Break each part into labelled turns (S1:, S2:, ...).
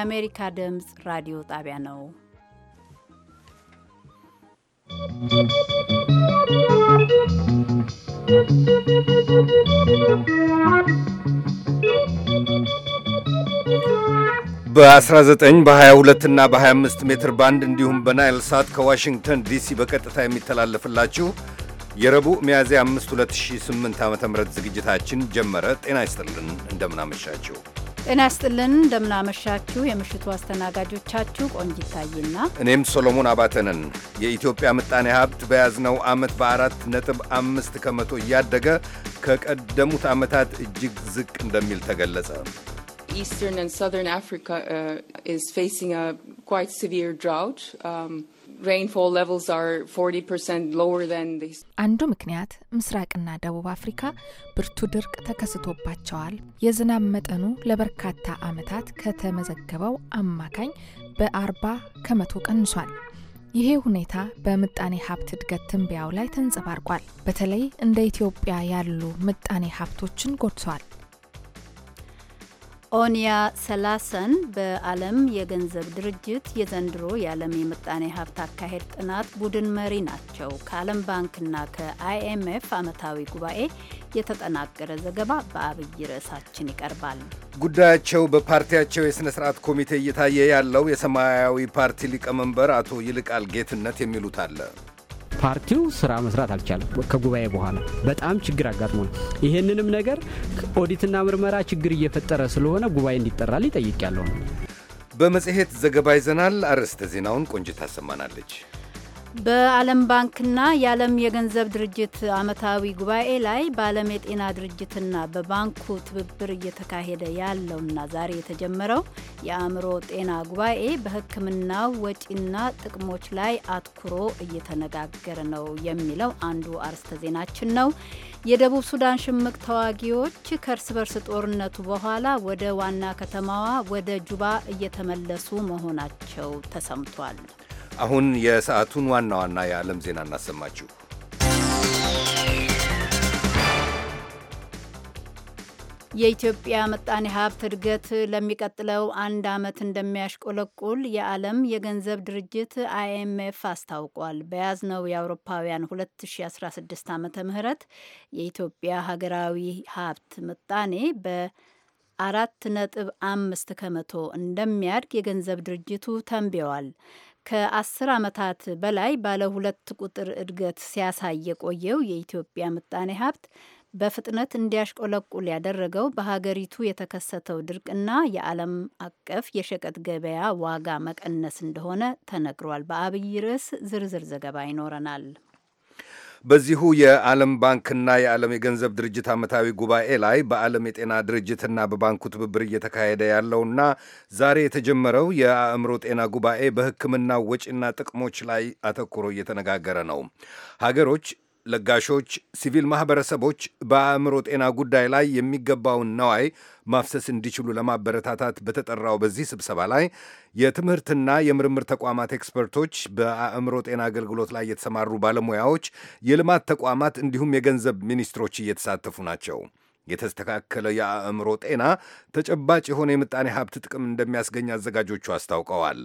S1: የአሜሪካ ድምፅ ራዲዮ ጣቢያ ነው።
S2: በ19 በ22 እና በ25 ሜትር ባንድ እንዲሁም በናይል ሳት ከዋሽንግተን ዲሲ በቀጥታ የሚተላለፍላችሁ የረቡዕ ሚያዝያ 5 2008 ዓ ም ዝግጅታችን ጀመረ። ጤና ይስጥልን፣ እንደምናመሻቸው
S1: ጤና ይስጥልን እንደምናመሻችሁ። የምሽቱ አስተናጋጆቻችሁ ቆንጅ ይታይና
S2: እኔም ሶሎሞን አባተንን። የኢትዮጵያ ምጣኔ ሀብት በያዝነው ዓመት በአራት ነጥብ አምስት ከመቶ እያደገ ከቀደሙት ዓመታት እጅግ ዝቅ እንደሚል ተገለጸ።
S3: ኢስተርን ኤንድ አፍሪካ ኢዝ ፌሲንግ ኳይት ሲቪር ድራውት
S4: አንዱ ምክንያት ምስራቅና ደቡብ አፍሪካ ብርቱ ድርቅ ተከስቶባቸዋል። የዝናብ መጠኑ ለበርካታ ዓመታት ከተመዘገበው አማካኝ በአርባ ከመቶ ቀንሷል። ይሄ ሁኔታ በምጣኔ ሀብት እድገት ትንበያው ላይ ተንጸባርቋል። በተለይ እንደ ኢትዮጵያ ያሉ ምጣኔ ሀብቶችን ጎድቷል።
S1: ኦኒያ ሰላሰን በዓለም የገንዘብ ድርጅት የዘንድሮ የዓለም የምጣኔ ሀብት አካሄድ ጥናት ቡድን መሪ ናቸው። ከዓለም ባንክና ከአይኤምኤፍ ዓመታዊ ጉባኤ የተጠናቀረ ዘገባ በአብይ ርዕሳችን ይቀርባል።
S2: ጉዳያቸው በፓርቲያቸው የሥነ ሥርዓት ኮሚቴ እየታየ ያለው የሰማያዊ ፓርቲ ሊቀመንበር አቶ ይልቃል ጌትነት የሚሉት አለ
S5: ፓርቲው ስራ መስራት አልቻለም። ከጉባኤ በኋላ በጣም ችግር አጋጥሞ ነው። ይህንንም ነገር ኦዲትና ምርመራ ችግር እየፈጠረ ስለሆነ ጉባኤ እንዲጠራል ይጠይቅ ያለሁ።
S2: በመጽሔት ዘገባ ይዘናል። አርዕስተ ዜናውን ቆንጅት አሰማናለች።
S1: በዓለም ባንክና የዓለም የገንዘብ ድርጅት ዓመታዊ ጉባኤ ላይ በዓለም የጤና ድርጅትና በባንኩ ትብብር እየተካሄደ ያለውና ዛሬ የተጀመረው የአእምሮ ጤና ጉባኤ በሕክምናው ወጪና ጥቅሞች ላይ አትኩሮ እየተነጋገረ ነው የሚለው አንዱ አርስተ ዜናችን ነው። የደቡብ ሱዳን ሽምቅ ተዋጊዎች ከእርስ በርስ ጦርነቱ በኋላ ወደ ዋና ከተማዋ ወደ ጁባ እየተመለሱ መሆናቸው ተሰምቷል።
S2: አሁን የሰዓቱን ዋና ዋና የዓለም ዜና እናሰማችሁ።
S1: የኢትዮጵያ ምጣኔ ሀብት እድገት ለሚቀጥለው አንድ ዓመት እንደሚያሽቆለቁል የዓለም የገንዘብ ድርጅት አይኤምኤፍ አስታውቋል። በያዝነው የአውሮፓውያን 2016 ዓመተ ምህረት የኢትዮጵያ ሀገራዊ ሀብት ምጣኔ በ አራት ነጥብ አምስት ከመቶ እንደሚያድግ የገንዘብ ድርጅቱ ተንብየዋል። ከአስር ዓመታት በላይ ባለ ሁለት ቁጥር እድገት ሲያሳይ የቆየው የኢትዮጵያ ምጣኔ ሀብት በፍጥነት እንዲያሽቆለቁል ያደረገው በሀገሪቱ የተከሰተው ድርቅና የዓለም አቀፍ የሸቀጥ ገበያ ዋጋ መቀነስ እንደሆነ ተነግሯል። በአብይ ርዕስ ዝርዝር ዘገባ ይኖረናል።
S2: በዚሁ የዓለም ባንክና የዓለም የገንዘብ ድርጅት ዓመታዊ ጉባኤ ላይ በዓለም የጤና ድርጅትና በባንኩ ትብብር እየተካሄደ ያለውና ዛሬ የተጀመረው የአእምሮ ጤና ጉባኤ በህክምና ወጪና ጥቅሞች ላይ አተኩሮ እየተነጋገረ ነው። ሀገሮች ለጋሾች፣ ሲቪል ማኅበረሰቦች በአእምሮ ጤና ጉዳይ ላይ የሚገባውን ነዋይ ማፍሰስ እንዲችሉ ለማበረታታት በተጠራው በዚህ ስብሰባ ላይ የትምህርትና የምርምር ተቋማት ኤክስፐርቶች፣ በአእምሮ ጤና አገልግሎት ላይ የተሰማሩ ባለሙያዎች፣ የልማት ተቋማት እንዲሁም የገንዘብ ሚኒስትሮች እየተሳተፉ ናቸው። የተስተካከለ የአእምሮ ጤና ተጨባጭ የሆነ የምጣኔ ሀብት ጥቅም እንደሚያስገኝ አዘጋጆቹ አስታውቀዋል።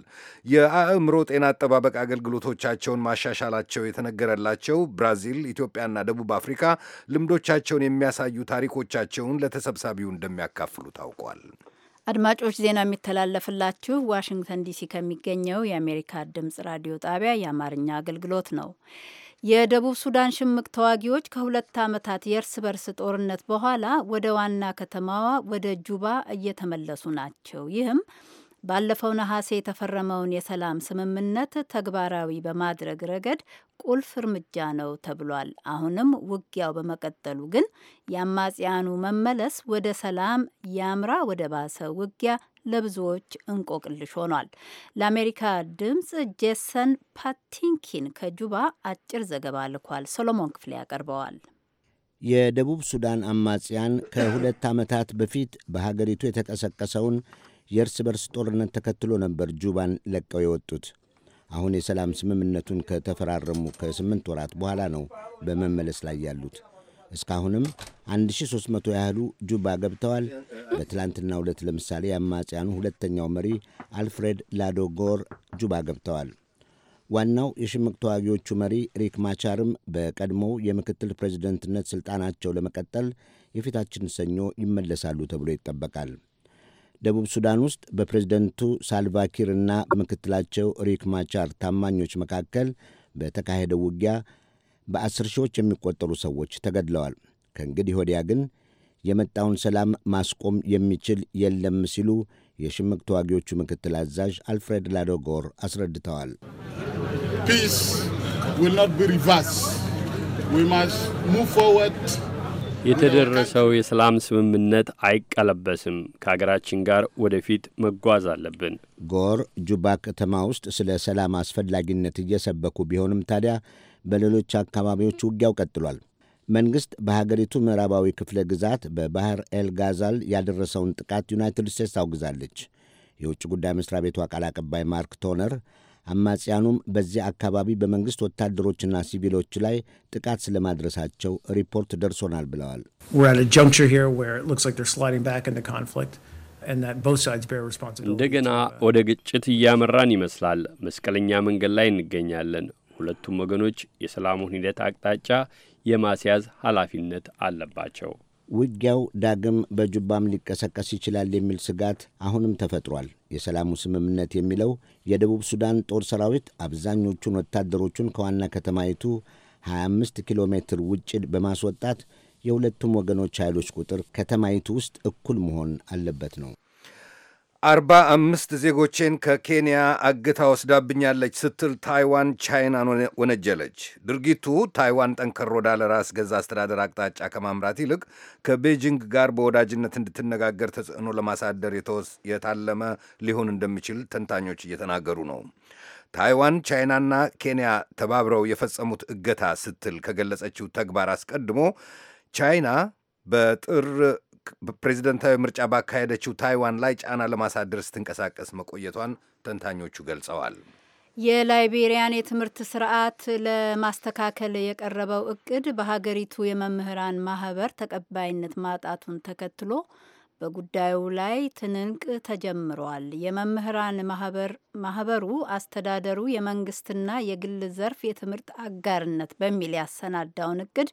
S2: የአእምሮ ጤና አጠባበቅ አገልግሎቶቻቸውን ማሻሻላቸው የተነገረላቸው ብራዚል፣ ኢትዮጵያና ደቡብ አፍሪካ ልምዶቻቸውን የሚያሳዩ ታሪኮቻቸውን ለተሰብሳቢው እንደሚያካፍሉ ታውቋል።
S1: አድማጮች ዜና የሚተላለፍላችሁ ዋሽንግተን ዲሲ ከሚገኘው የአሜሪካ ድምጽ ራዲዮ ጣቢያ የአማርኛ አገልግሎት ነው። የደቡብ ሱዳን ሽምቅ ተዋጊዎች ከሁለት ዓመታት የእርስ በርስ ጦርነት በኋላ ወደ ዋና ከተማዋ ወደ ጁባ እየተመለሱ ናቸው። ይህም ባለፈው ነሐሴ የተፈረመውን የሰላም ስምምነት ተግባራዊ በማድረግ ረገድ ቁልፍ እርምጃ ነው ተብሏል። አሁንም ውጊያው በመቀጠሉ ግን የአማጽያኑ መመለስ ወደ ሰላም ያምራ ወደ ባሰ ውጊያ ለብዙዎች እንቆቅልሽ ሆኗል። ለአሜሪካ ድምፅ ጄሰን ፓቲንኪን ከጁባ አጭር ዘገባ ልኳል። ሶሎሞን ክፍሌ ያቀርበዋል።
S6: የደቡብ ሱዳን አማጽያን ከሁለት ዓመታት በፊት በሀገሪቱ የተቀሰቀሰውን የእርስ በርስ ጦርነት ተከትሎ ነበር ጁባን ለቀው የወጡት። አሁን የሰላም ስምምነቱን ከተፈራረሙ ከስምንት ወራት በኋላ ነው በመመለስ ላይ ያሉት። እስካሁንም 1300 ያህሉ ጁባ ገብተዋል። በትላንትና ዕለት ለምሳሌ የአማጽያኑ ሁለተኛው መሪ አልፍሬድ ላዶጎር ጁባ ገብተዋል። ዋናው የሽምቅ ተዋጊዎቹ መሪ ሪክ ማቻርም በቀድሞው የምክትል ፕሬዚደንትነት ሥልጣናቸው ለመቀጠል የፊታችን ሰኞ ይመለሳሉ ተብሎ ይጠበቃል። ደቡብ ሱዳን ውስጥ በፕሬዝደንቱ ሳልቫኪር እና ምክትላቸው ሪክ ማቻር ታማኞች መካከል በተካሄደው ውጊያ በአስር ሺዎች የሚቆጠሩ ሰዎች ተገድለዋል። ከእንግዲህ ወዲያ ግን የመጣውን ሰላም ማስቆም የሚችል የለም ሲሉ የሽምቅ ተዋጊዎቹ ምክትል አዛዥ አልፍሬድ ላዶጎር አስረድተዋል።
S7: ፒስ ዊል ኖት ቢ ሪቨርስ ዊ ማስት ሙቭ ፎርወርድ የተደረሰው
S8: የሰላም ስምምነት አይቀለበስም። ከሀገራችን ጋር ወደፊት መጓዝ አለብን።
S6: ጎር ጁባ ከተማ ውስጥ ስለ ሰላም አስፈላጊነት እየሰበኩ ቢሆንም ታዲያ በሌሎች አካባቢዎች ውጊያው ቀጥሏል። መንግሥት በሀገሪቱ ምዕራባዊ ክፍለ ግዛት በባህር ኤል ጋዛል ያደረሰውን ጥቃት ዩናይትድ ስቴትስ አውግዛለች። የውጭ ጉዳይ መሥሪያ ቤቷ ቃል አቀባይ ማርክ ቶነር አማጽያኑም በዚያ አካባቢ በመንግሥት ወታደሮችና ሲቪሎች ላይ ጥቃት ስለማድረሳቸው ሪፖርት ደርሶናል ብለዋል።
S7: እንደገና
S8: ወደ ግጭት እያመራን ይመስላል። መስቀለኛ መንገድ ላይ እንገኛለን። ሁለቱም ወገኖች የሰላሙን ሂደት አቅጣጫ የማስያዝ ኃላፊነት አለባቸው።
S6: ውጊያው ዳግም በጁባም ሊቀሰቀስ ይችላል የሚል ስጋት አሁንም ተፈጥሯል። የሰላሙ ስምምነት የሚለው የደቡብ ሱዳን ጦር ሰራዊት አብዛኞቹን ወታደሮቹን ከዋና ከተማይቱ 25 ኪሎ ሜትር ውጭ በማስወጣት የሁለቱም ወገኖች ኃይሎች ቁጥር ከተማይቱ ውስጥ እኩል መሆን አለበት ነው።
S2: አርባ አምስት ዜጎቼን ከኬንያ አግታ ወስዳብኛለች ስትል ታይዋን ቻይናን ወነጀለች። ድርጊቱ ታይዋን ጠንከር ወዳለ ራስ ገዛ አስተዳደር አቅጣጫ ከማምራት ይልቅ ከቤጂንግ ጋር በወዳጅነት እንድትነጋገር ተጽዕኖ ለማሳደር የታለመ ሊሆን እንደሚችል ተንታኞች እየተናገሩ ነው። ታይዋን ቻይናና ኬንያ ተባብረው የፈጸሙት እገታ ስትል ከገለጸችው ተግባር አስቀድሞ ቻይና በጥር ፕሬዚደንታዊ ምርጫ ባካሄደችው ታይዋን ላይ ጫና ለማሳደር ስትንቀሳቀስ መቆየቷን ተንታኞቹ ገልጸዋል።
S1: የላይቤሪያን የትምህርት ስርዓት ለማስተካከል የቀረበው እቅድ በሀገሪቱ የመምህራን ማህበር ተቀባይነት ማጣቱን ተከትሎ በጉዳዩ ላይ ትንንቅ ተጀምረዋል። የመምህራን ማህበሩ አስተዳደሩ የመንግስትና የግል ዘርፍ የትምህርት አጋርነት በሚል ያሰናዳውን እቅድ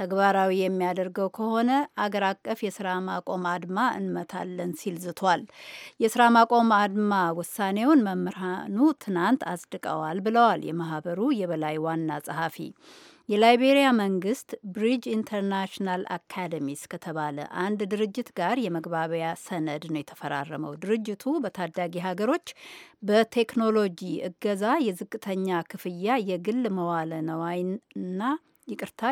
S1: ተግባራዊ የሚያደርገው ከሆነ አገር አቀፍ የስራ ማቆም አድማ እንመታለን ሲል ዝቷል። የስራ ማቆም አድማ ውሳኔውን መምህራኑ ትናንት አጽድቀዋል ብለዋል የማህበሩ የበላይ ዋና ጸሐፊ የላይቤሪያ መንግስት ብሪጅ ኢንተርናሽናል አካደሚስ ከተባለ አንድ ድርጅት ጋር የመግባቢያ ሰነድ ነው የተፈራረመው። ድርጅቱ በታዳጊ ሀገሮች በቴክኖሎጂ እገዛ የዝቅተኛ ክፍያ የግል መዋለ ነዋይና ይቅርታ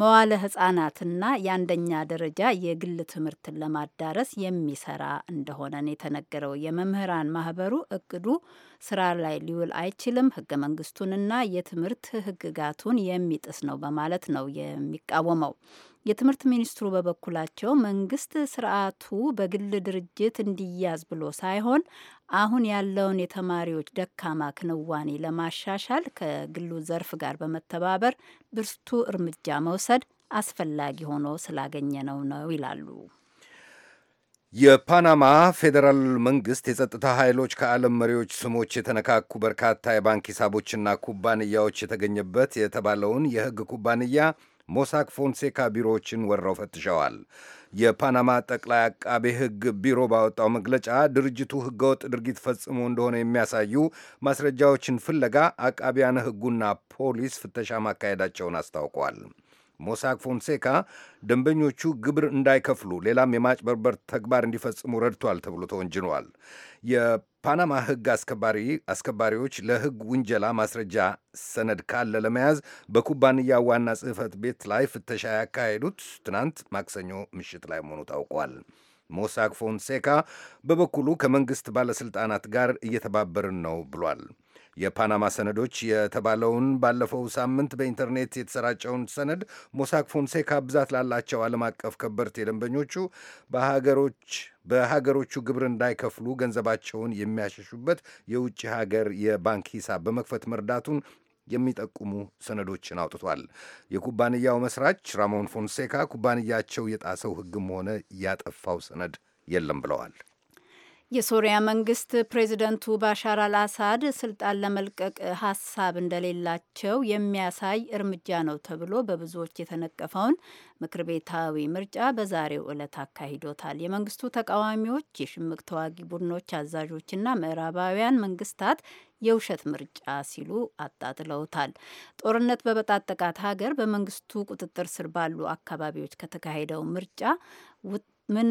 S1: መዋለ ህጻናትና የአንደኛ ደረጃ የግል ትምህርትን ለማዳረስ የሚሰራ እንደሆነ ነው የተነገረው። የመምህራን ማህበሩ እቅዱ ስራ ላይ ሊውል አይችልም፣ ህገ መንግስቱንና የትምህርት ህግጋቱን የሚጥስ ነው በማለት ነው የሚቃወመው። የትምህርት ሚኒስትሩ በበኩላቸው መንግስት ስርዓቱ በግል ድርጅት እንዲያዝ ብሎ ሳይሆን አሁን ያለውን የተማሪዎች ደካማ ክንዋኔ ለማሻሻል ከግሉ ዘርፍ ጋር በመተባበር ብርቱ እርምጃ መውሰድ አስፈላጊ ሆኖ ስላገኘ ነው ነው ይላሉ።
S2: የፓናማ ፌዴራል መንግስት የጸጥታ ኃይሎች ከዓለም መሪዎች ስሞች የተነካኩ በርካታ የባንክ ሂሳቦችና ኩባንያዎች የተገኘበት የተባለውን የህግ ኩባንያ ሞሳክ ፎንሴካ ቢሮዎችን ወረው ፈትሸዋል። የፓናማ ጠቅላይ አቃቤ ሕግ ቢሮ ባወጣው መግለጫ ድርጅቱ ሕገወጥ ድርጊት ፈጽሞ እንደሆነ የሚያሳዩ ማስረጃዎችን ፍለጋ አቃቢያነ ሕጉና ፖሊስ ፍተሻ ማካሄዳቸውን አስታውቀዋል። ሞሳክ ፎንሴካ ደንበኞቹ ግብር እንዳይከፍሉ ሌላም የማጭበርበር ተግባር እንዲፈጽሙ ረድቷል ተብሎ ተወንጅኗል። የፓናማ ሕግ አስከባሪ አስከባሪዎች ለሕግ ውንጀላ ማስረጃ ሰነድ ካለ ለመያዝ በኩባንያ ዋና ጽሕፈት ቤት ላይ ፍተሻ ያካሄዱት ትናንት ማክሰኞ ምሽት ላይ መሆኑ ታውቋል። ሞሳክ ፎንሴካ በበኩሉ ከመንግሥት ባለሥልጣናት ጋር እየተባበርን ነው ብሏል። የፓናማ ሰነዶች የተባለውን ባለፈው ሳምንት በኢንተርኔት የተሰራጨውን ሰነድ ሞሳክ ፎንሴካ ብዛት ላላቸው ዓለም አቀፍ ከበርቴ ደንበኞቹ በሀገሮች በሀገሮቹ ግብር እንዳይከፍሉ ገንዘባቸውን የሚያሸሹበት የውጭ ሀገር የባንክ ሂሳብ በመክፈት መርዳቱን የሚጠቁሙ ሰነዶችን አውጥቷል። የኩባንያው መስራች ራሞን ፎንሴካ ኩባንያቸው የጣሰው ሕግም ሆነ ያጠፋው ሰነድ የለም ብለዋል።
S1: የሶሪያ መንግስት ፕሬዚደንቱ ባሻር አልአሳድ ስልጣን ለመልቀቅ ሀሳብ እንደሌላቸው የሚያሳይ እርምጃ ነው ተብሎ በብዙዎች የተነቀፈውን ምክር ቤታዊ ምርጫ በዛሬው ዕለት አካሂዶታል። የመንግስቱ ተቃዋሚዎች፣ የሽምቅ ተዋጊ ቡድኖች አዛዦችና ምዕራባውያን መንግስታት የውሸት ምርጫ ሲሉ አጣጥለውታል። ጦርነት በበጣጠቃት ሀገር በመንግስቱ ቁጥጥር ስር ባሉ አካባቢዎች ከተካሄደው ምርጫ ምን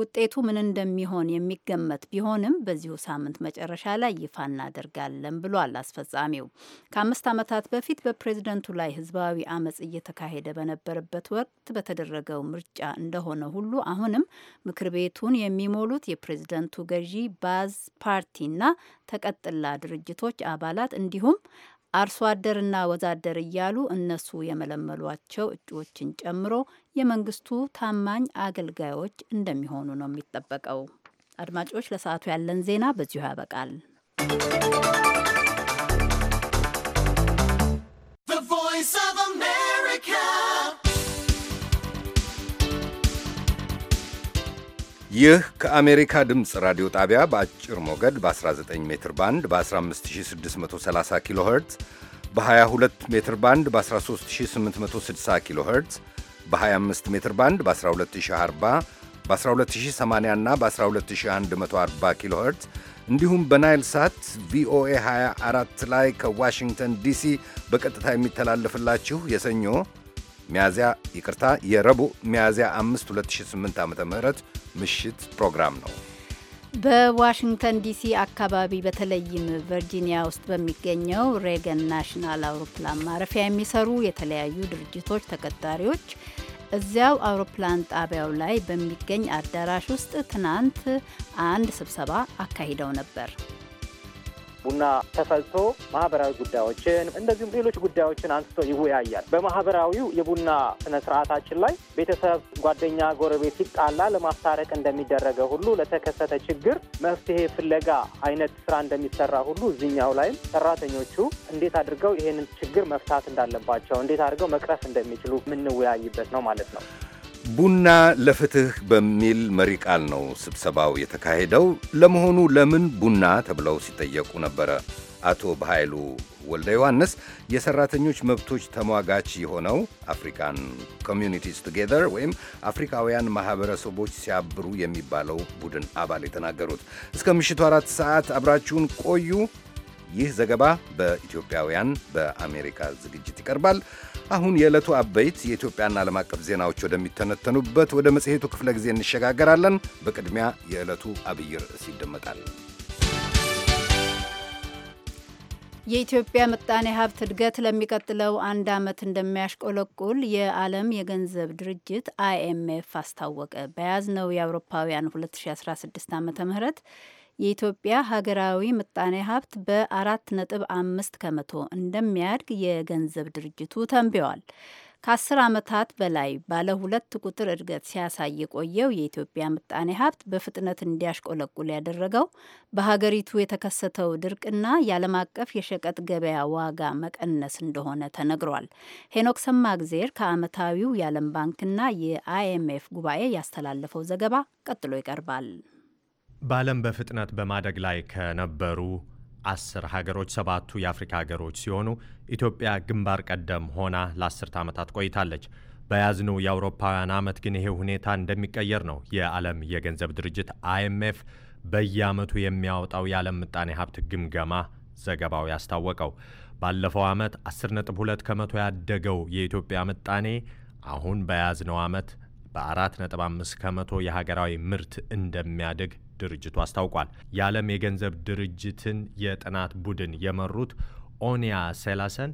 S1: ውጤቱ ምን እንደሚሆን የሚገመት ቢሆንም በዚሁ ሳምንት መጨረሻ ላይ ይፋ እናደርጋለን ብሏል አስፈጻሚው። ከአምስት ዓመታት በፊት በፕሬዝደንቱ ላይ ህዝባዊ አመፅ እየተካሄደ በነበረበት ወቅት በተደረገው ምርጫ እንደሆነ ሁሉ አሁንም ምክር ቤቱን የሚሞሉት የፕሬዝደንቱ ገዢ ባዝ ፓርቲና ተቀጥላ ድርጅቶች አባላት እንዲሁም አርሶ አደርና ወዛደር እያሉ እነሱ የመለመሏቸው እጩዎችን ጨምሮ የመንግስቱ ታማኝ አገልጋዮች እንደሚሆኑ ነው የሚጠበቀው። አድማጮች፣ ለሰዓቱ ያለን ዜና በዚሁ ያበቃል።
S2: ይህ ከአሜሪካ ድምፅ ራዲዮ ጣቢያ በአጭር ሞገድ በ19 ሜትር ባንድ በ15630 ኪሎ ኸርትዝ በ22 ሜትር ባንድ በ13860 ኪሎ ኸርትዝ በ25 ሜትር ባንድ በ12040 በ12080 እና በ12140 ኪሎ ኸርትዝ እንዲሁም በናይል ሳት ቪኦኤ 24 ላይ ከዋሽንግተን ዲሲ በቀጥታ የሚተላለፍላችሁ የሰኞ ሚያዚያ ይቅርታ የረቡዕ ሚያዚያ 5 2008 ዓ ም ምሽት ፕሮግራም ነው።
S1: በዋሽንግተን ዲሲ አካባቢ በተለይም ቨርጂኒያ ውስጥ በሚገኘው ሬገን ናሽናል አውሮፕላን ማረፊያ የሚሰሩ የተለያዩ ድርጅቶች ተቀጣሪዎች እዚያው አውሮፕላን ጣቢያው ላይ በሚገኝ አዳራሽ ውስጥ ትናንት አንድ ስብሰባ አካሂደው ነበር።
S9: ቡና ተፈልቶ ማህበራዊ ጉዳዮችን እንደዚሁም ሌሎች ጉዳዮችን አንስቶ ይወያያል። በማህበራዊው የቡና ስነ ስርዓታችን ላይ ቤተሰብ፣ ጓደኛ፣ ጎረቤት ሲጣላ ለማስታረቅ እንደሚደረገ ሁሉ ለተከሰተ ችግር መፍትሄ ፍለጋ አይነት ስራ እንደሚሰራ ሁሉ እዚኛው ላይም ሰራተኞቹ እንዴት አድርገው ይህንን ችግር መፍታት እንዳለባቸው እንዴት አድርገው መቅረፍ እንደሚችሉ የምንወያይበት ነው ማለት ነው።
S2: ቡና ለፍትህ በሚል መሪ ቃል ነው ስብሰባው የተካሄደው። ለመሆኑ ለምን ቡና ተብለው ሲጠየቁ ነበረ አቶ በኃይሉ ወልደ ዮሐንስ የሰራተኞች መብቶች ተሟጋች የሆነው አፍሪካን ኮሚዩኒቲስ ቱጌዘር ወይም አፍሪካውያን ማህበረሰቦች ሲያብሩ የሚባለው ቡድን አባል የተናገሩት። እስከ ምሽቱ አራት ሰዓት አብራችሁን ቆዩ። ይህ ዘገባ በኢትዮጵያውያን በአሜሪካ ዝግጅት ይቀርባል። አሁን የዕለቱ አበይት የኢትዮጵያና ዓለም አቀፍ ዜናዎች ወደሚተነተኑበት ወደ መጽሔቱ ክፍለ ጊዜ እንሸጋገራለን። በቅድሚያ የዕለቱ አብይ ርዕስ ይደመጣል።
S1: የኢትዮጵያ ምጣኔ ሀብት እድገት ለሚቀጥለው አንድ ዓመት እንደሚያሽቆለቁል የዓለም የገንዘብ ድርጅት አይኤምኤፍ አስታወቀ። በያዝነው የአውሮፓውያን 2016 ዓ ም የኢትዮጵያ ሀገራዊ ምጣኔ ሀብት በአራት ነጥብ አምስት ከመቶ እንደሚያድግ የገንዘብ ድርጅቱ ተንብዋል። ከአስር ዓመታት በላይ ባለ ሁለት ቁጥር እድገት ሲያሳይ የቆየው የኢትዮጵያ ምጣኔ ሀብት በፍጥነት እንዲያሽቆለቁል ያደረገው በሀገሪቱ የተከሰተው ድርቅና የዓለም አቀፍ የሸቀጥ ገበያ ዋጋ መቀነስ እንደሆነ ተነግሯል። ሄኖክ ሰማእግዜር ከዓመታዊው የዓለም ባንክና የአይኤምኤፍ ጉባኤ ያስተላለፈው ዘገባ ቀጥሎ ይቀርባል።
S10: በዓለም በፍጥነት በማደግ ላይ ከነበሩ አስር ሀገሮች ሰባቱ የአፍሪካ ሀገሮች ሲሆኑ ኢትዮጵያ ግንባር ቀደም ሆና ለአስርተ ዓመታት ቆይታለች። በያዝነው የአውሮፓውያን ዓመት ግን ይሄ ሁኔታ እንደሚቀየር ነው የዓለም የገንዘብ ድርጅት አይኤምኤፍ በየዓመቱ የሚያወጣው የዓለም ምጣኔ ሀብት ግምገማ ዘገባው ያስታወቀው። ባለፈው ዓመት 10.2 ከመቶ ያደገው የኢትዮጵያ ምጣኔ አሁን በያዝነው ዓመት በ4.5 ከመቶ የሀገራዊ ምርት እንደሚያድግ ድርጅቱ አስታውቋል። የዓለም የገንዘብ ድርጅትን የጥናት ቡድን የመሩት ኦኒያ ሴላሰን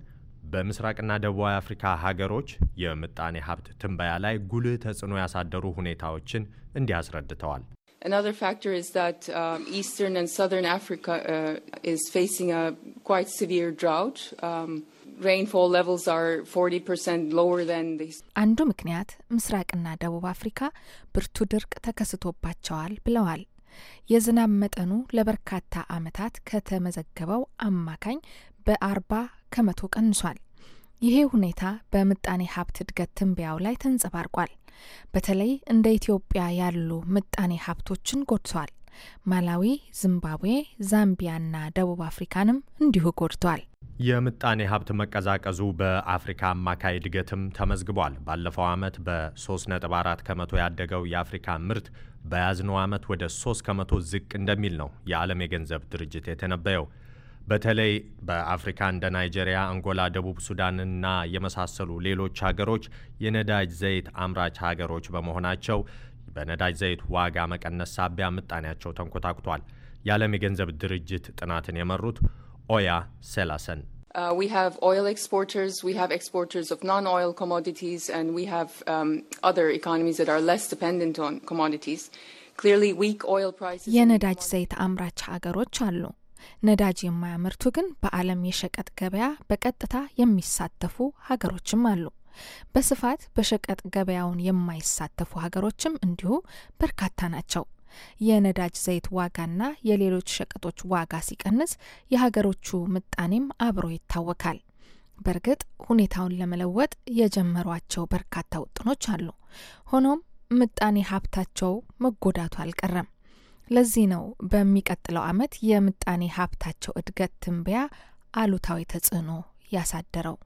S10: በምስራቅና ደቡባዊ አፍሪካ ሀገሮች የምጣኔ ሀብት ትንበያ ላይ ጉልህ ተጽዕኖ ያሳደሩ ሁኔታዎችን እንዲህ አስረድተዋል።
S3: Another factor is that um, Eastern and Southern Africa uh, is facing a quite severe drought. Um, rainfall levels are 40% lower than
S4: አንዱ ምክንያት ምስራቅና ደቡብ አፍሪካ ብርቱ ድርቅ ተከስቶባቸዋል ብለዋል የዝናብ መጠኑ ለበርካታ ዓመታት ከተመዘገበው አማካኝ በአርባ ከመቶ ቀንሷል። ይሄ ሁኔታ በምጣኔ ሀብት እድገት ትንበያው ላይ ተንጸባርቋል። በተለይ እንደ ኢትዮጵያ ያሉ ምጣኔ ሀብቶችን ጎድቷል። ማላዊ፣ ዚምባብዌ፣ ዛምቢያና ደቡብ አፍሪካንም እንዲሁ ጎድቷል።
S10: የምጣኔ ሀብት መቀዛቀዙ በአፍሪካ አማካይ እድገትም ተመዝግቧል። ባለፈው ዓመት በ3.4 ከመቶ ያደገው የአፍሪካ ምርት በያዝነው ዓመት ወደ 3 ከመቶ ዝቅ እንደሚል ነው የዓለም የገንዘብ ድርጅት የተነበየው። በተለይ በአፍሪካ እንደ ናይጄሪያ፣ አንጎላ፣ ደቡብ ሱዳንና የመሳሰሉ ሌሎች ሀገሮች የነዳጅ ዘይት አምራች ሀገሮች በመሆናቸው በነዳጅ ዘይት ዋጋ መቀነስ ሳቢያ ምጣኔያቸው ተንኮታኩቷል። የዓለም የገንዘብ ድርጅት ጥናትን የመሩት ኦያ ሴላሰን
S3: uh, um,
S4: የነዳጅ ዘይት አምራች ሀገሮች አሉ። ነዳጅ የማያመርቱ ግን በዓለም የሸቀጥ ገበያ በቀጥታ የሚሳተፉ ሀገሮችም አሉ። በስፋት በሸቀጥ ገበያውን የማይሳተፉ ሀገሮችም እንዲሁ በርካታ ናቸው። የነዳጅ ዘይት ዋጋና የሌሎች ሸቀጦች ዋጋ ሲቀንስ የሀገሮቹ ምጣኔም አብሮ ይታወካል። በእርግጥ ሁኔታውን ለመለወጥ የጀመሯቸው በርካታ ውጥኖች አሉ። ሆኖም ምጣኔ ሀብታቸው መጎዳቱ አልቀረም። ለዚህ ነው በሚቀጥለው ዓመት የምጣኔ ሀብታቸው እድገት ትንበያ አሉታዊ ተጽዕኖ ያሳደረው።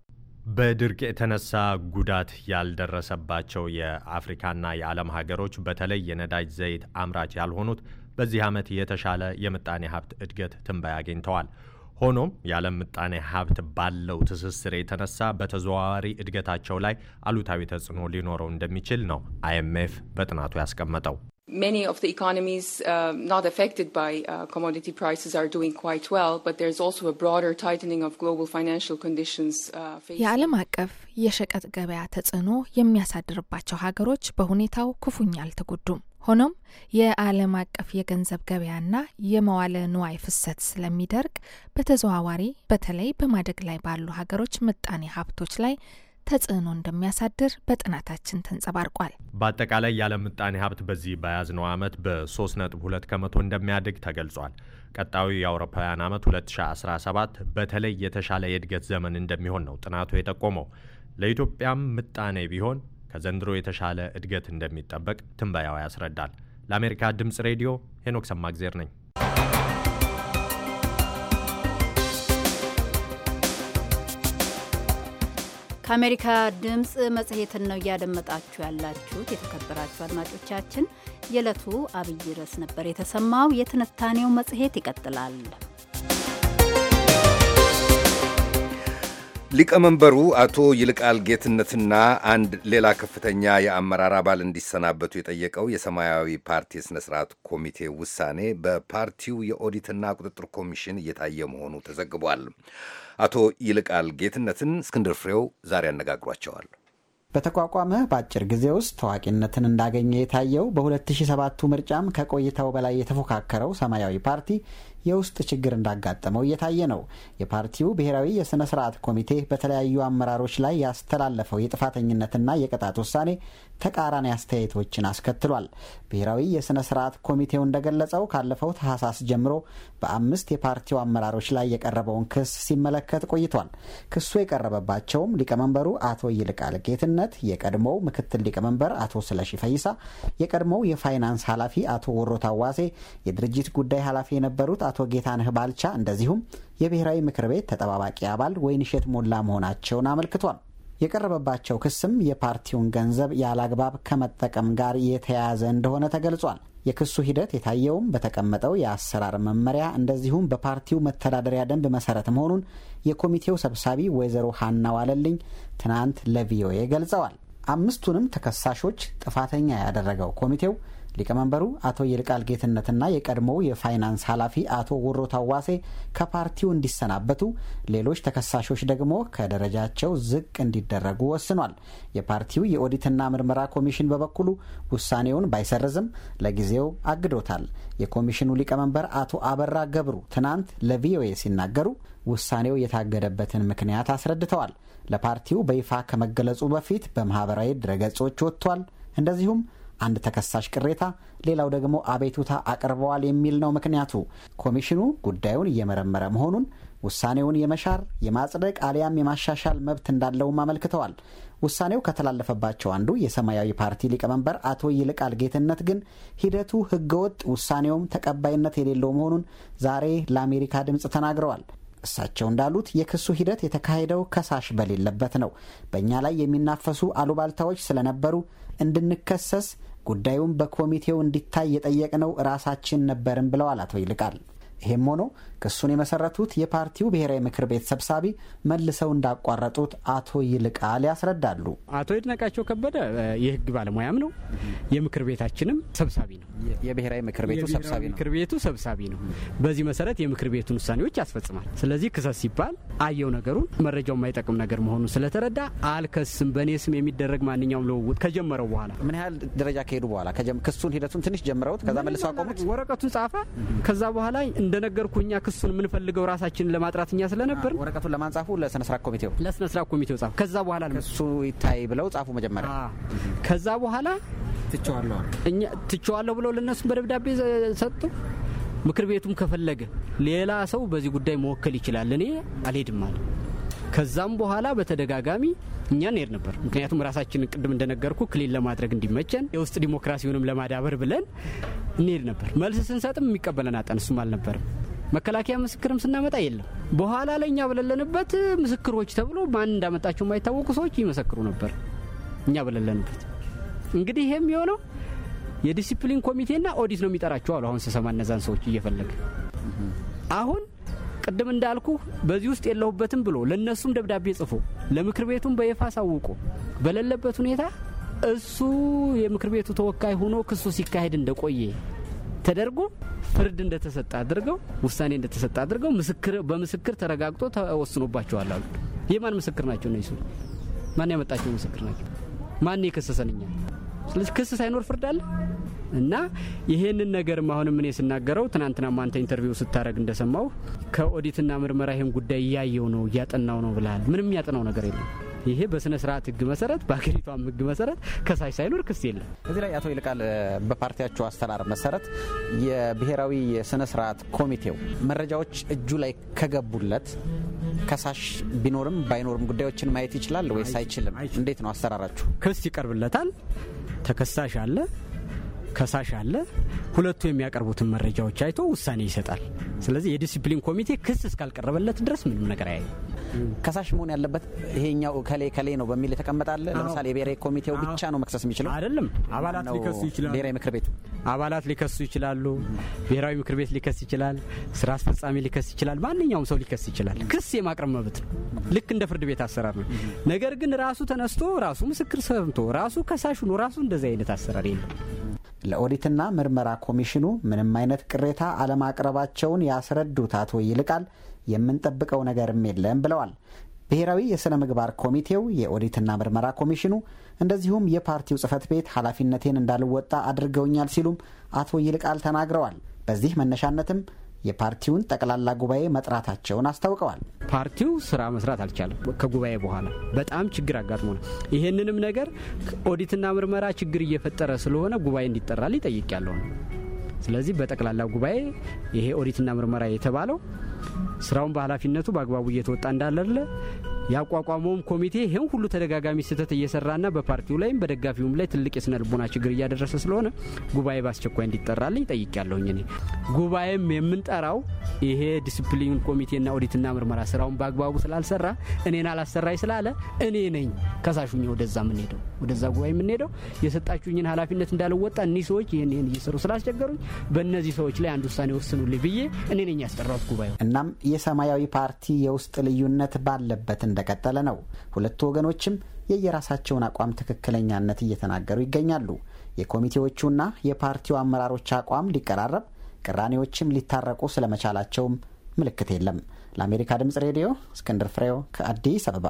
S10: በድርቅ የተነሳ ጉዳት ያልደረሰባቸው የአፍሪካና የዓለም ሀገሮች በተለይ የነዳጅ ዘይት አምራች ያልሆኑት በዚህ ዓመት የተሻለ የምጣኔ ሀብት እድገት ትንበያ አግኝተዋል። ሆኖም የዓለም ምጣኔ ሀብት ባለው ትስስር የተነሳ በተዘዋዋሪ እድገታቸው ላይ አሉታዊ ተጽዕኖ ሊኖረው እንደሚችል ነው አይኤምኤፍ በጥናቱ ያስቀመጠው።
S3: Many of the economies uh, not affected by uh, commodity prices are doing quite well, but there's also a broader tightening of global financial conditions. Uh,
S4: የዓለም አቀፍ የሸቀጥ ገበያ ተጽዕኖ የሚያሳድርባቸው ሀገሮች በሁኔታው ክፉኛ አልተጎዱም። ሆኖም የዓለም አቀፍ የገንዘብ ገበያና የመዋለ ንዋይ ፍሰት ስለሚደርግ በተዘዋዋሪ በተለይ በማደግ ላይ ባሉ ሀገሮች ምጣኔ ሀብቶች ላይ ተጽዕኖ እንደሚያሳድር በጥናታችን ተንጸባርቋል።
S10: በአጠቃላይ የዓለም ምጣኔ ሀብት በዚህ በያዝነው ዓመት በ3.2 ከመቶ እንደሚያድግ ተገልጿል። ቀጣዩ የአውሮፓውያን ዓመት 2017 በተለይ የተሻለ የእድገት ዘመን እንደሚሆን ነው ጥናቱ የጠቆመው። ለኢትዮጵያም ምጣኔ ቢሆን ከዘንድሮ የተሻለ እድገት እንደሚጠበቅ ትንበያው ያስረዳል። ለአሜሪካ ድምፅ ሬዲዮ ሄኖክ ሰማግዜር ነኝ።
S1: ከአሜሪካ ድምፅ መጽሔትን ነው እያደመጣችሁ ያላችሁት። የተከበራችሁ አድማጮቻችን፣ የዕለቱ አብይ ርዕስ ነበር የተሰማው። የትንታኔው መጽሔት ይቀጥላል።
S2: ሊቀመንበሩ አቶ ይልቃል ጌትነትና አንድ ሌላ ከፍተኛ የአመራር አባል እንዲሰናበቱ የጠየቀው የሰማያዊ ፓርቲ የሥነ ሥርዓት ኮሚቴ ውሳኔ በፓርቲው የኦዲትና ቁጥጥር ኮሚሽን እየታየ መሆኑ ተዘግቧል። አቶ ይልቃል ጌትነትን እስክንድር ፍሬው ዛሬ አነጋግሯቸዋል።
S11: በተቋቋመ በአጭር ጊዜ ውስጥ ታዋቂነትን እንዳገኘ የታየው በ2007ቱ ምርጫም ከቆይታው በላይ የተፎካከረው ሰማያዊ ፓርቲ የውስጥ ችግር እንዳጋጠመው እየታየ ነው። የፓርቲው ብሔራዊ የሥነ ስርዓት ኮሚቴ በተለያዩ አመራሮች ላይ ያስተላለፈው የጥፋተኝነትና የቅጣት ውሳኔ ተቃራኒ አስተያየቶችን አስከትሏል። ብሔራዊ የሥነ ስርዓት ኮሚቴው እንደገለጸው ካለፈው ታህሳስ ጀምሮ በአምስት የፓርቲው አመራሮች ላይ የቀረበውን ክስ ሲመለከት ቆይቷል። ክሱ የቀረበባቸውም ሊቀመንበሩ አቶ ይልቃል ጌትነት፣ የቀድሞው ምክትል ሊቀመንበር አቶ ስለሺ ፈይሳ፣ የቀድሞው የፋይናንስ ኃላፊ አቶ ወሮታዋሴ የድርጅት ጉዳይ ኃላፊ የነበሩት አቶ ጌታነህ ባልቻ እንደዚሁም የብሔራዊ ምክር ቤት ተጠባባቂ አባል ወይንሸት ሞላ መሆናቸውን አመልክቷል። የቀረበባቸው ክስም የፓርቲውን ገንዘብ ያላግባብ ከመጠቀም ጋር የተያያዘ እንደሆነ ተገልጿል። የክሱ ሂደት የታየውም በተቀመጠው የአሰራር መመሪያ እንደዚሁም በፓርቲው መተዳደሪያ ደንብ መሰረት መሆኑን የኮሚቴው ሰብሳቢ ወይዘሮ ሀና ዋለልኝ ትናንት ለቪኦኤ ገልጸዋል። አምስቱንም ተከሳሾች ጥፋተኛ ያደረገው ኮሚቴው ሊቀመንበሩ አቶ ይልቃል ጌትነትና የቀድሞው የፋይናንስ ኃላፊ አቶ ውሮ ታዋሴ ከፓርቲው እንዲሰናበቱ፣ ሌሎች ተከሳሾች ደግሞ ከደረጃቸው ዝቅ እንዲደረጉ ወስኗል። የፓርቲው የኦዲትና ምርመራ ኮሚሽን በበኩሉ ውሳኔውን ባይሰርዝም ለጊዜው አግዶታል። የኮሚሽኑ ሊቀመንበር አቶ አበራ ገብሩ ትናንት ለቪኦኤ ሲናገሩ ውሳኔው የታገደበትን ምክንያት አስረድተዋል። ለፓርቲው በይፋ ከመገለጹ በፊት በማህበራዊ ድረገጾች ወጥቷል። እንደዚሁም አንድ ተከሳሽ ቅሬታ፣ ሌላው ደግሞ አቤቱታ አቅርበዋል የሚል ነው ምክንያቱ። ኮሚሽኑ ጉዳዩን እየመረመረ መሆኑን ውሳኔውን የመሻር የማጽደቅ አሊያም የማሻሻል መብት እንዳለውም አመልክተዋል። ውሳኔው ከተላለፈባቸው አንዱ የሰማያዊ ፓርቲ ሊቀመንበር አቶ ይልቃል ጌትነት ግን ሂደቱ ህገወጥ፣ ውሳኔውም ተቀባይነት የሌለው መሆኑን ዛሬ ለአሜሪካ ድምፅ ተናግረዋል። እሳቸው እንዳሉት የክሱ ሂደት የተካሄደው ከሳሽ በሌለበት ነው። በእኛ ላይ የሚናፈሱ አሉባልታዎች ስለነበሩ እንድንከሰስ ጉዳዩም በኮሚቴው እንዲታይ የጠየቅነው ራሳችን ነበርም ብለዋል አቶ ይልቃል። ይህም ሆኖ ክሱን የመሰረቱት የፓርቲው ብሔራዊ ምክር ቤት ሰብሳቢ መልሰው እንዳቋረጡት አቶ ይልቃል ያስረዳሉ።
S5: አቶ ይድነቃቸው ከበደ የህግ ባለሙያም ነው፣ የምክር ቤታችንም ሰብሳቢ ነው፣ የብሔራዊ ምክር ቤቱ ሰብሳቢ ነው፣ ምክር ቤቱ ሰብሳቢ ነው። በዚህ መሰረት የምክር ቤቱን ውሳኔዎች ያስፈጽማል። ስለዚህ ክሰስ ሲባል አየው ነገሩን መረጃው የማይጠቅም ነገር መሆኑን ስለተረዳ አልከስም፣ በእኔ ስም የሚደረግ ማንኛውም ልውውጥ ከጀመረው በኋላ ምን ያህል ደረጃ ከሄዱ በኋላ ክሱን ሂደቱን ትንሽ ጀምረውት ከዛ መልሰው አቆሙት። ወረቀቱን ጻፈ። ከዛ በኋላ እንደነገርኩኛ ክሱን የምንፈልገው ራሳችንን ለማጥራት እኛ ስለነበር ወረቀቱን ለማንጻፉ ለስነስራ ኮሚቴው ለስነስራ ኮሚቴው ጻፉ። ከዛ በኋላ ክሱ ይታይ ብለው ጻፉ መጀመሪያ። ከዛ በኋላ ትቸዋለሁ ብለው ለነሱ በደብዳቤ ሰጡ። ምክር ቤቱም ከፈለገ ሌላ ሰው በዚህ ጉዳይ መወከል ይችላል፣ እኔ አልሄድም አለ። ከዛም በኋላ በተደጋጋሚ እኛ እንሄድ ነበር። ምክንያቱም ራሳችንን ቅድም እንደነገርኩ ክሊል ለማድረግ እንዲመቸን የውስጥ ዲሞክራሲውንም ለማዳበር ብለን እንሄድ ነበር። መልስ ስንሰጥም የሚቀበለን አጠን እሱም አልነበርም። መከላከያ ምስክርም ስናመጣ የለም። በኋላ ላይ እኛ ምስክሮች ተብሎ ማን እንዳመጣቸው የማይታወቁ ሰዎች ይመሰክሩ ነበር እኛ በለለንበት። እንግዲህ ይሄም የሆነው የዲሲፕሊን ኮሚቴና ኦዲት ነው የሚጠራቸው አሉ። አሁን ስሰማ እነዛን ሰዎች እየፈለገ አሁን ቅድም እንዳልኩ በዚህ ውስጥ የለሁበትም ብሎ ለእነሱም ደብዳቤ ጽፎ ለምክር ቤቱም በይፋ አሳውቆ በሌለበት ሁኔታ እሱ የምክር ቤቱ ተወካይ ሆኖ ክሱ ሲካሄድ እንደቆየ ተደርጎ ፍርድ እንደተሰጠ አድርገው ውሳኔ እንደተሰጠ አድርገው በምስክር ተረጋግጦ ተወስኖባቸዋል አሉ። የማን ምስክር ናቸው እነሱ? ማን ያመጣቸው ምስክር ናቸው? ማን የከሰሰንኛ? ስለዚህ ክስ ሳይኖር ፍርድ አለ እና ይሄንን ነገር አሁንም እኔ ስናገረው ትናንትና ማንተ ኢንተርቪው ስታደረግ እንደሰማው ከኦዲትና ምርመራ ይህን ጉዳይ እያየው ነው እያጠናው ነው ብለል ምንም ያጠናው ነገር የለም። ይሄ በስነ ስርዓት ህግ መሰረት በሀገሪቷም ህግ መሰረት ከሳሽ ሳይኖር ክስ የለም። እዚህ ላይ አቶ
S11: ይልቃል በፓርቲያቸው አሰራር መሰረት የብሔራዊ የስነ ስርዓት ኮሚቴው መረጃዎች እጁ ላይ ከገቡለት ከሳሽ ቢኖርም ባይኖርም ጉዳዮችን ማየት ይችላል ወይስ አይችልም? እንዴት ነው አሰራራችሁ? ክስ ይቀርብለታል። ተከሳሽ አለ
S5: ከሳሽ አለ። ሁለቱ የሚያቀርቡትን መረጃዎች አይቶ ውሳኔ ይሰጣል። ስለዚህ የዲሲፕሊን ኮሚቴ ክስ እስካልቀረበለት ድረስ ምንም ነገር አያዩ
S11: ከሳሽ መሆን ያለበት ይሄኛው ከሌ ከሌ ነው በሚል የተቀመጣለ። ለምሳሌ የብሔራዊ ኮሚቴው ብቻ ነው መክሰስ የሚችለው አይደለም። አባላት ሊከሱ ይችላሉ። ብሔራዊ
S5: ምክር ቤቱ አባላት ሊከሱ ይችላሉ። ብሔራዊ ምክር ቤት ሊከስ ይችላል። ስራ አስፈጻሚ ሊከስ ይችላል። ማንኛውም ሰው ሊከስ ይችላል። ክስ የማቅረብ መብት ነው። ልክ እንደ ፍርድ ቤት አሰራር ነው። ነገር ግን ራሱ ተነስቶ ራሱ ምስክር ሰምቶ ራሱ ከሳሽ ነው ራሱ እንደዚህ አይነት አሰራር የለም።
S11: ለኦዲትና ምርመራ ኮሚሽኑ ምንም አይነት ቅሬታ አለማቅረባቸውን ያስረዱት አቶ ይልቃል የምንጠብቀው ነገርም የለም ብለዋል። ብሔራዊ የሥነ ምግባር ኮሚቴው፣ የኦዲትና ምርመራ ኮሚሽኑ እንደዚሁም የፓርቲው ጽህፈት ቤት ኃላፊነቴን እንዳልወጣ አድርገውኛል ሲሉም አቶ ይልቃል ተናግረዋል። በዚህ መነሻነትም የፓርቲውን ጠቅላላ ጉባኤ መጥራታቸውን አስታውቀዋል።
S5: ፓርቲው ስራ መስራት አልቻለም። ከጉባኤ በኋላ በጣም ችግር አጋጥሞ ነው። ይህንንም ነገር ኦዲትና ምርመራ ችግር እየፈጠረ ስለሆነ ጉባኤ እንዲጠራ ሊጠይቅ ያለው ነው። ስለዚህ በጠቅላላ ጉባኤ ይሄ ኦዲትና ምርመራ የተባለው ስራውን በኃላፊነቱ በአግባቡ እየተወጣ እንዳለለ ያቋቋመውም ኮሚቴ ይህን ሁሉ ተደጋጋሚ ስህተት እየሰራና በፓርቲው ላይም በደጋፊውም ላይ ትልቅ የስነ ልቦና ችግር እያደረሰ ስለሆነ ጉባኤ በአስቸኳይ እንዲጠራልኝ ያለሁኝ እኔ ጉባኤም የምንጠራው ይሄ ዲስፕሊን ኮሚቴና ኦዲትና ምርመራ ስራውን በአግባቡ ስላልሰራ እኔን አላሰራይ ስላለ እኔ ነኝ ከሳሹኝ ወደዛ የምንሄደው ወደዛ ጉባኤ የምንሄደው የሰጣችሁኝን ሀላፊነት
S11: እንዳልወጣ እኒህ ሰዎች ይህን ይህን እየሰሩ ስላስቸገሩኝ በእነዚህ ሰዎች ላይ አንድ ውሳኔ ወስኑልኝ ብዬ እኔ ነኝ ያስጠራሁት ጉባኤው። እናም የሰማያዊ ፓርቲ የውስጥ ልዩነት ባለበት እንደቀጠለ ነው። ሁለቱ ወገኖችም የየራሳቸውን አቋም ትክክለኛነት እየተናገሩ ይገኛሉ። የኮሚቴዎቹና የፓርቲው አመራሮች አቋም ሊቀራረብ፣ ቅራኔዎችም ሊታረቁ ስለመቻላቸውም ምልክት የለም። ለአሜሪካ ድምጽ ሬዲዮ እስክንድር ፍሬው ከአዲስ አበባ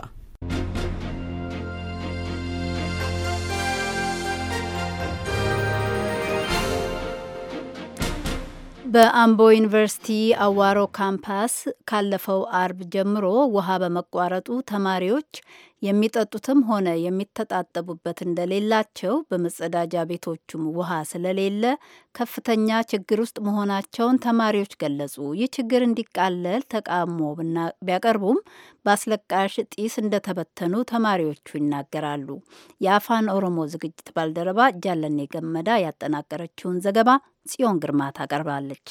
S1: በአምቦ ዩኒቨርሲቲ አዋሮ ካምፓስ ካለፈው አርብ ጀምሮ ውሃ በመቋረጡ ተማሪዎች የሚጠጡትም ሆነ የሚተጣጠቡበት እንደሌላቸው በመጸዳጃ ቤቶቹም ውሃ ስለሌለ ከፍተኛ ችግር ውስጥ መሆናቸውን ተማሪዎች ገለጹ። ይህ ችግር እንዲቃለል ተቃውሞ ቢያቀርቡም በአስለቃሽ ጢስ እንደተበተኑ ተማሪዎቹ ይናገራሉ። የአፋን ኦሮሞ ዝግጅት ባልደረባ ጃለኔ ገመዳ ያጠናቀረችውን ዘገባ ጽዮን ግርማ ታቀርባለች።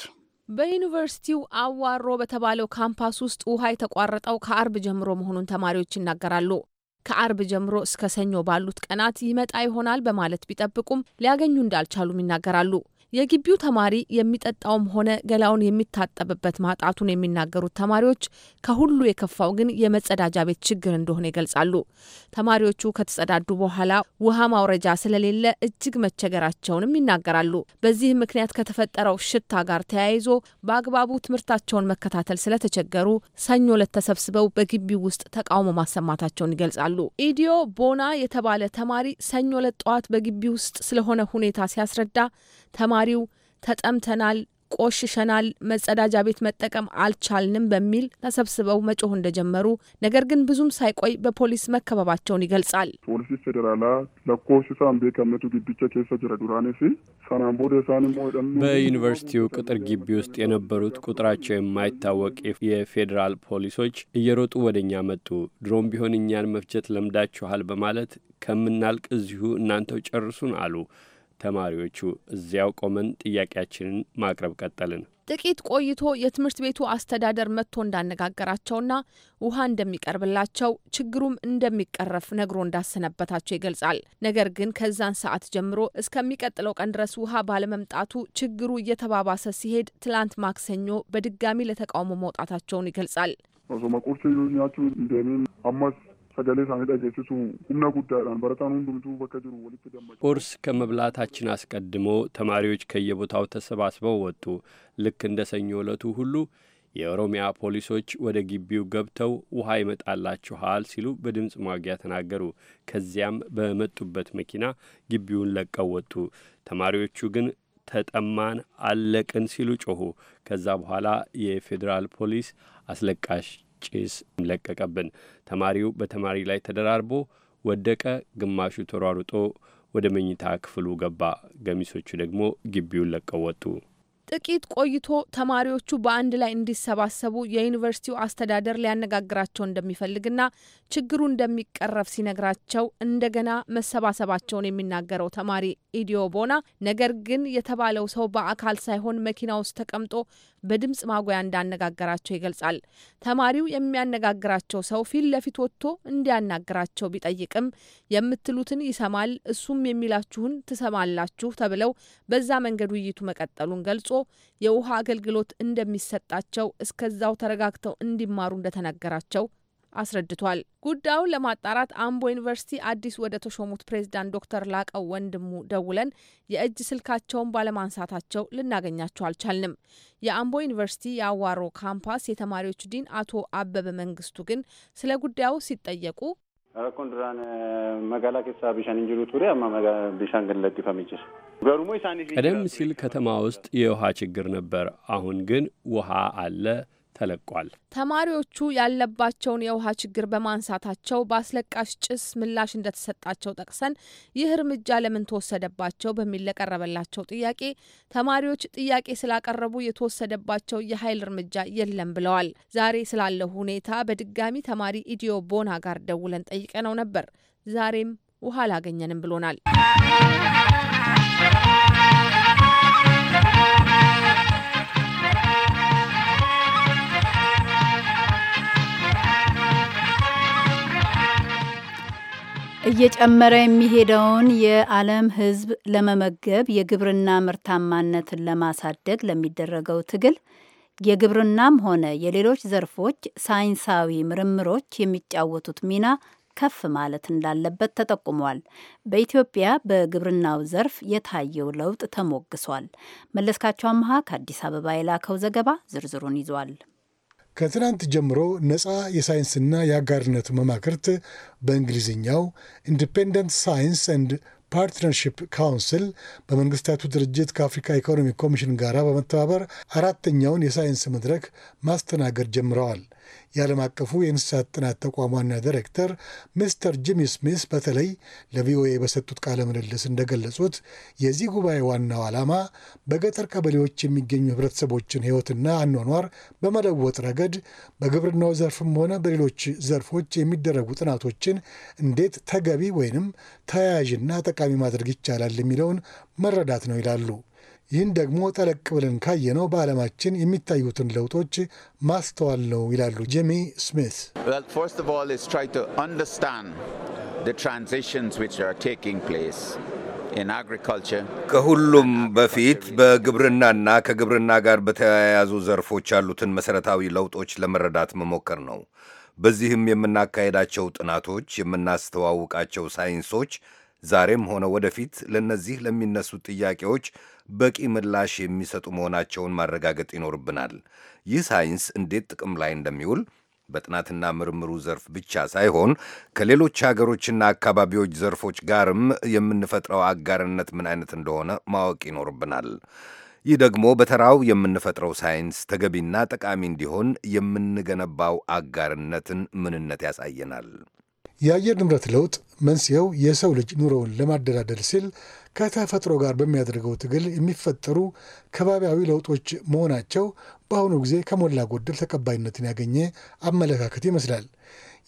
S12: በዩኒቨርሲቲው አዋሮ በተባለው ካምፓስ ውስጥ ውሃ የተቋረጠው ከአርብ ጀምሮ መሆኑን ተማሪዎች ይናገራሉ። ከአርብ ጀምሮ እስከ ሰኞ ባሉት ቀናት ይመጣ ይሆናል በማለት ቢጠብቁም ሊያገኙ እንዳልቻሉም ይናገራሉ። የግቢው ተማሪ የሚጠጣውም ሆነ ገላውን የሚታጠብበት ማጣቱን የሚናገሩት ተማሪዎች ከሁሉ የከፋው ግን የመጸዳጃ ቤት ችግር እንደሆነ ይገልጻሉ። ተማሪዎቹ ከተጸዳዱ በኋላ ውሃ ማውረጃ ስለሌለ እጅግ መቸገራቸውንም ይናገራሉ። በዚህ ምክንያት ከተፈጠረው ሽታ ጋር ተያይዞ በአግባቡ ትምህርታቸውን መከታተል ስለተቸገሩ ሰኞ ዕለት ተሰብስበው በግቢው ውስጥ ተቃውሞ ማሰማታቸውን ይገልጻሉ። ኢዲዮ ቦና የተባለ ተማሪ ሰኞ ዕለት ጠዋት በግቢ ውስጥ ስለሆነ ሁኔታ ሲያስረዳ ተማሪው ተጠምተናል፣ ቆሽሸናል፣ መጸዳጃ ቤት መጠቀም አልቻልንም በሚል ተሰብስበው መጮህ እንደጀመሩ ነገር ግን ብዙም ሳይቆይ በፖሊስ መከበባቸውን ይገልጻል። ፖሊሲ ፌዴራላ ለኮሲሳን ቤከመቱ ግቢቸ ኬሰ ጅረ ዱራኔ ሲ
S8: በዩኒቨርሲቲው ቅጥር ግቢ ውስጥ የነበሩት ቁጥራቸው የማይታወቅ የፌዴራል ፖሊሶች እየሮጡ ወደ እኛ መጡ። ድሮም ቢሆን እኛን መፍጀት ለምዳችኋል በማለት ከምናልቅ እዚሁ እናንተው ጨርሱን አሉ። ተማሪዎቹ እዚያው ቆመን ጥያቄያችንን ማቅረብ ቀጠልን።
S12: ጥቂት ቆይቶ የትምህርት ቤቱ አስተዳደር መጥቶ እንዳነጋገራቸውና ውሃ እንደሚቀርብላቸው ችግሩም እንደሚቀረፍ ነግሮ እንዳሰነበታቸው ይገልጻል። ነገር ግን ከዛን ሰዓት ጀምሮ እስከሚቀጥለው ቀን ድረስ ውሃ ባለመምጣቱ ችግሩ እየተባባሰ ሲሄድ ትላንት ማክሰኞ በድጋሚ ለተቃውሞ መውጣታቸውን ይገልጻል።
S11: sagalee isaanii dhageessisu humna guddaadhaan barataan hundumtuu bakka jiru walitti
S8: gammadu. ከመብላታችን አስቀድሞ ተማሪዎች ከየቦታው ተሰባስበው ወጡ። ልክ እንደ ሰኞ ዕለቱ ሁሉ የኦሮሚያ ፖሊሶች ወደ ግቢው ገብተው ውሃ ይመጣላችኋል ሲሉ በድምፅ ማጉያ ተናገሩ። ከዚያም በመጡበት መኪና ግቢውን ለቀው ወጡ። ተማሪዎቹ ግን ተጠማን፣ አለቅን ሲሉ ጮኹ። ከዛ በኋላ የፌዴራል ፖሊስ አስለቃሽ ጭስ ለቀቀብን። ተማሪው በተማሪ ላይ ተደራርቦ ወደቀ። ግማሹ ተሯሩጦ ወደ መኝታ ክፍሉ ገባ። ገሚሶቹ ደግሞ ግቢውን ለቀው ወጡ።
S12: ጥቂት ቆይቶ ተማሪዎቹ በአንድ ላይ እንዲሰባሰቡ የዩኒቨርሲቲው አስተዳደር ሊያነጋግራቸው እንደሚፈልግና ችግሩ እንደሚቀረፍ ሲነግራቸው እንደገና መሰባሰባቸውን የሚናገረው ተማሪ ኢዲዮ ቦና፣ ነገር ግን የተባለው ሰው በአካል ሳይሆን መኪና ውስጥ ተቀምጦ በድምፅ ማጉያ እንዳነጋገራቸው ይገልጻል። ተማሪው የሚያነጋግራቸው ሰው ፊት ለፊት ወጥቶ እንዲያናግራቸው ቢጠይቅም የምትሉትን ይሰማል፣ እሱም የሚላችሁን ትሰማላችሁ ተብለው በዛ መንገድ ውይይቱ መቀጠሉን ገልጾ የውሃ አገልግሎት እንደሚሰጣቸው እስከዛው ተረጋግተው እንዲማሩ እንደተነገራቸው አስረድቷል። ጉዳዩን ለማጣራት አምቦ ዩኒቨርሲቲ አዲስ ወደ ተሾሙት ፕሬዚዳንት ዶክተር ላቀው ወንድሙ ደውለን የእጅ ስልካቸውን ባለማንሳታቸው ልናገኛቸው አልቻልንም። የአምቦ ዩኒቨርሲቲ የአዋሮ ካምፓስ የተማሪዎች ዲን አቶ አበበ መንግስቱ ግን ስለ ጉዳዩ ሲጠየቁ
S13: ረኮን መጋላ ኬሳ ቢሻን እንጅሉ ቱሪ አማ ቢሻን ገለጥ
S8: ቀደም ሲል ከተማ ውስጥ የውሃ ችግር ነበር። አሁን ግን ውሃ አለ ተለቋል።
S12: ተማሪዎቹ ያለባቸውን የውሃ ችግር በማንሳታቸው በአስለቃሽ ጭስ ምላሽ እንደተሰጣቸው ጠቅሰን ይህ እርምጃ ለምን ተወሰደባቸው በሚል ለቀረበላቸው ጥያቄ ተማሪዎች ጥያቄ ስላቀረቡ የተወሰደባቸው የኃይል እርምጃ የለም ብለዋል። ዛሬ ስላለው ሁኔታ በድጋሚ ተማሪ ኢዲዮ ቦና ጋር ደውለን ጠይቀነው ነበር። ዛሬም ውሃ አላገኘንም ብሎናል።
S1: እየጨመረ የሚሄደውን የዓለም ሕዝብ ለመመገብ የግብርና ምርታማነትን ለማሳደግ ለሚደረገው ትግል የግብርናም ሆነ የሌሎች ዘርፎች ሳይንሳዊ ምርምሮች የሚጫወቱት ሚና ከፍ ማለት እንዳለበት ተጠቁሟል። በኢትዮጵያ በግብርናው ዘርፍ የታየው ለውጥ ተሞግሷል። መለስካቸው አመሃ ከአዲስ አበባ የላከው ዘገባ ዝርዝሩን ይዟል።
S14: ከትናንት ጀምሮ ነፃ የሳይንስና የአጋርነት መማክርት በእንግሊዝኛው ኢንዲፔንደንት ሳይንስ ኤንድ ፓርትነርሽፕ ካውንስል በመንግስታቱ ድርጅት ከአፍሪካ ኢኮኖሚክ ኮሚሽን ጋር በመተባበር አራተኛውን የሳይንስ መድረክ ማስተናገድ ጀምረዋል። የዓለም አቀፉ የእንስሳት ጥናት ተቋም ዋና ዲሬክተር ሚስተር ጂሚ ስሚስ በተለይ ለቪኦኤ በሰጡት ቃለ ምልልስ እንደገለጹት የዚህ ጉባኤ ዋናው ዓላማ በገጠር ቀበሌዎች የሚገኙ ህብረተሰቦችን ህይወትና አኗኗር በመለወጥ ረገድ በግብርናው ዘርፍም ሆነ በሌሎች ዘርፎች የሚደረጉ ጥናቶችን እንዴት ተገቢ ወይንም ተያያዥና ጠቃሚ ማድረግ ይቻላል የሚለውን መረዳት ነው ይላሉ። ይህን ደግሞ ጠለቅ ብለን ካየነው በዓለማችን የሚታዩትን ለውጦች ማስተዋል ነው ይላሉ ጄሚ ስሚት።
S2: ከሁሉም በፊት በግብርናና ከግብርና ጋር በተያያዙ ዘርፎች ያሉትን መሠረታዊ ለውጦች ለመረዳት መሞከር ነው። በዚህም የምናካሄዳቸው ጥናቶች፣ የምናስተዋውቃቸው ሳይንሶች ዛሬም ሆነ ወደፊት ለእነዚህ ለሚነሱ ጥያቄዎች በቂ ምላሽ የሚሰጡ መሆናቸውን ማረጋገጥ ይኖርብናል። ይህ ሳይንስ እንዴት ጥቅም ላይ እንደሚውል በጥናትና ምርምሩ ዘርፍ ብቻ ሳይሆን ከሌሎች ሀገሮችና አካባቢዎች ዘርፎች ጋርም የምንፈጥረው አጋርነት ምን አይነት እንደሆነ ማወቅ ይኖርብናል። ይህ ደግሞ በተራው የምንፈጥረው ሳይንስ ተገቢና ጠቃሚ እንዲሆን የምንገነባው አጋርነትን ምንነት ያሳየናል።
S14: የአየር ንብረት ለውጥ መንስኤው የሰው ልጅ ኑሮውን ለማደላደል ሲል ከተፈጥሮ ጋር በሚያደርገው ትግል የሚፈጠሩ ከባቢያዊ ለውጦች መሆናቸው በአሁኑ ጊዜ ከሞላ ጎደል ተቀባይነትን ያገኘ አመለካከት ይመስላል።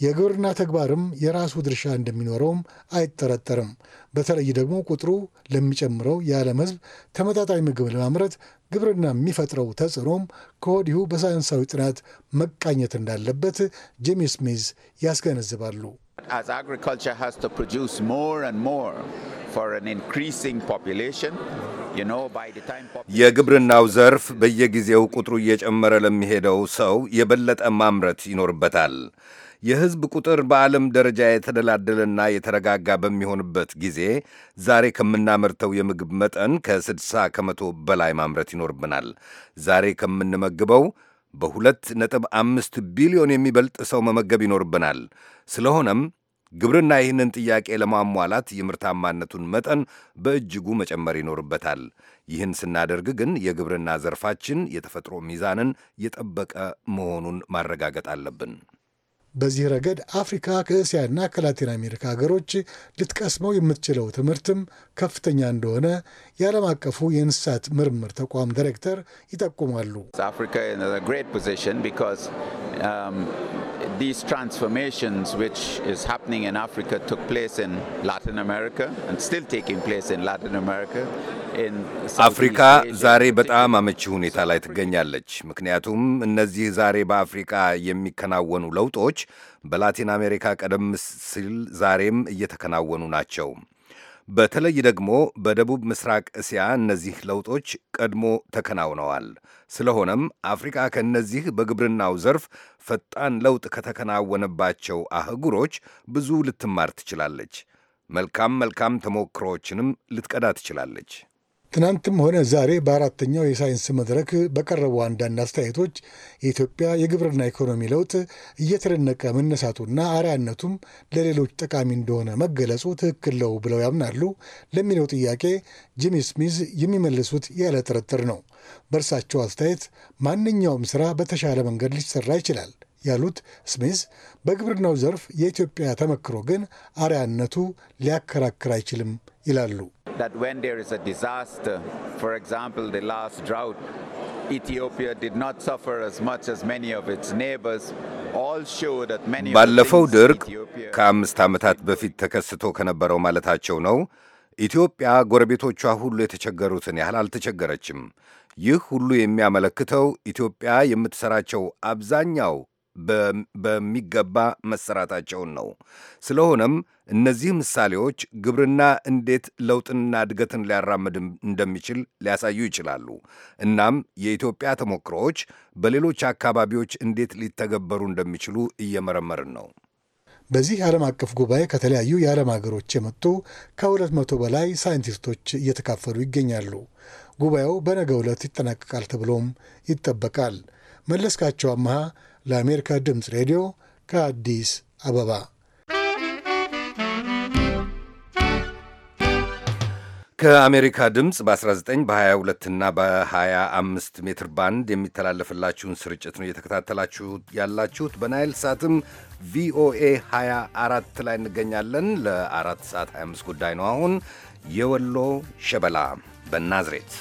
S14: የግብርና ተግባርም የራሱ ድርሻ እንደሚኖረውም አይጠረጠርም። በተለይ ደግሞ ቁጥሩ ለሚጨምረው የዓለም ሕዝብ ተመጣጣኝ ምግብ ለማምረት ግብርና የሚፈጥረው ተጽዕኖም ከወዲሁ በሳይንሳዊ ጥናት መቃኘት እንዳለበት ጂሚ ስሚዝ ያስገነዝባሉ።
S2: የግብርናው ዘርፍ በየጊዜው ቁጥሩ እየጨመረ ለሚሄደው ሰው የበለጠ ማምረት ይኖርበታል። የህዝብ ቁጥር በዓለም ደረጃ የተደላደለና የተረጋጋ በሚሆንበት ጊዜ ዛሬ ከምናመርተው የምግብ መጠን ከ60 ከመቶ በላይ ማምረት ይኖርብናል። ዛሬ ከምንመግበው በሁለት ነጥብ ቢሊዮን የሚበልጥ ሰው መመገብ ይኖርብናል። ስለሆነም ግብርና ይህንን ጥያቄ ለማሟላት የምርታማነቱን መጠን በእጅጉ መጨመር ይኖርበታል። ይህን ስናደርግ ግን የግብርና ዘርፋችን የተፈጥሮ ሚዛንን የጠበቀ መሆኑን ማረጋገጥ አለብን።
S14: በዚህ ረገድ አፍሪካ ከእስያና ከላቲን አሜሪካ ሀገሮች ልትቀስመው የምትችለው ትምህርትም ከፍተኛ እንደሆነ የዓለም አቀፉ የእንስሳት ምርምር ተቋም ዳይሬክተር ይጠቁማሉ።
S13: these transformations, which is happening in Africa, took place in Latin America and still taking place in Latin America. አፍሪካ
S2: ዛሬ በጣም አመቺ ሁኔታ ላይ ትገኛለች። ምክንያቱም እነዚህ ዛሬ በአፍሪካ የሚከናወኑ ለውጦች በላቲን አሜሪካ ቀደም ሲል ዛሬም እየተከናወኑ ናቸው። በተለይ ደግሞ በደቡብ ምስራቅ እስያ እነዚህ ለውጦች ቀድሞ ተከናውነዋል። ስለሆነም አፍሪካ ከእነዚህ በግብርናው ዘርፍ ፈጣን ለውጥ ከተከናወነባቸው አህጉሮች ብዙ ልትማር ትችላለች። መልካም መልካም ተሞክሮዎችንም ልትቀዳ ትችላለች።
S14: ትናንትም ሆነ ዛሬ በአራተኛው የሳይንስ መድረክ በቀረቡ አንዳንድ አስተያየቶች የኢትዮጵያ የግብርና ኢኮኖሚ ለውጥ እየተደነቀ መነሳቱና አርያነቱም ለሌሎች ጠቃሚ እንደሆነ መገለጹ ትክክል ነው ብለው ያምናሉ ለሚለው ጥያቄ ጂሚ ስሚዝ የሚመልሱት ያለ ጥርጥር ነው። በእርሳቸው አስተያየት ማንኛውም ስራ በተሻለ መንገድ ሊሰራ ይችላል ያሉት ስሚዝ በግብርናው ዘርፍ የኢትዮጵያ ተመክሮ ግን አርያነቱ ሊያከራክር አይችልም ይላሉ።
S13: ባለፈው ድርቅ
S2: ከአምስት ዓመታት በፊት ተከስቶ ከነበረው ማለታቸው ነው። ኢትዮጵያ ጎረቤቶቿ ሁሉ የተቸገሩትን ያህል አልተቸገረችም። ይህ ሁሉ የሚያመለክተው ኢትዮጵያ የምትሠራቸው አብዛኛው በሚገባ መሰራታቸውን ነው። ስለሆነም እነዚህ ምሳሌዎች ግብርና እንዴት ለውጥንና እድገትን ሊያራምድ እንደሚችል ሊያሳዩ ይችላሉ። እናም የኢትዮጵያ ተሞክሮዎች በሌሎች አካባቢዎች እንዴት ሊተገበሩ እንደሚችሉ እየመረመርን ነው።
S14: በዚህ ዓለም አቀፍ ጉባኤ ከተለያዩ የዓለም ሀገሮች የመጡ ከሁለት መቶ በላይ ሳይንቲስቶች እየተካፈሉ ይገኛሉ። ጉባኤው በነገ ዕለት ይጠናቀቃል ተብሎም ይጠበቃል። መለስካቸው አመሃ ለአሜሪካ ድምፅ ሬዲዮ ከአዲስ አበባ።
S2: ከአሜሪካ ድምፅ በ19 በ22 እና በ25 ሜትር ባንድ የሚተላለፍላችሁን ስርጭት ነው እየተከታተላችሁ ያላችሁት። በናይል ሳትም ቪኦኤ 24 ላይ እንገኛለን። ለአራት ሰዓት 25 ጉዳይ ነው አሁን የወሎ ሸበላ በናዝሬት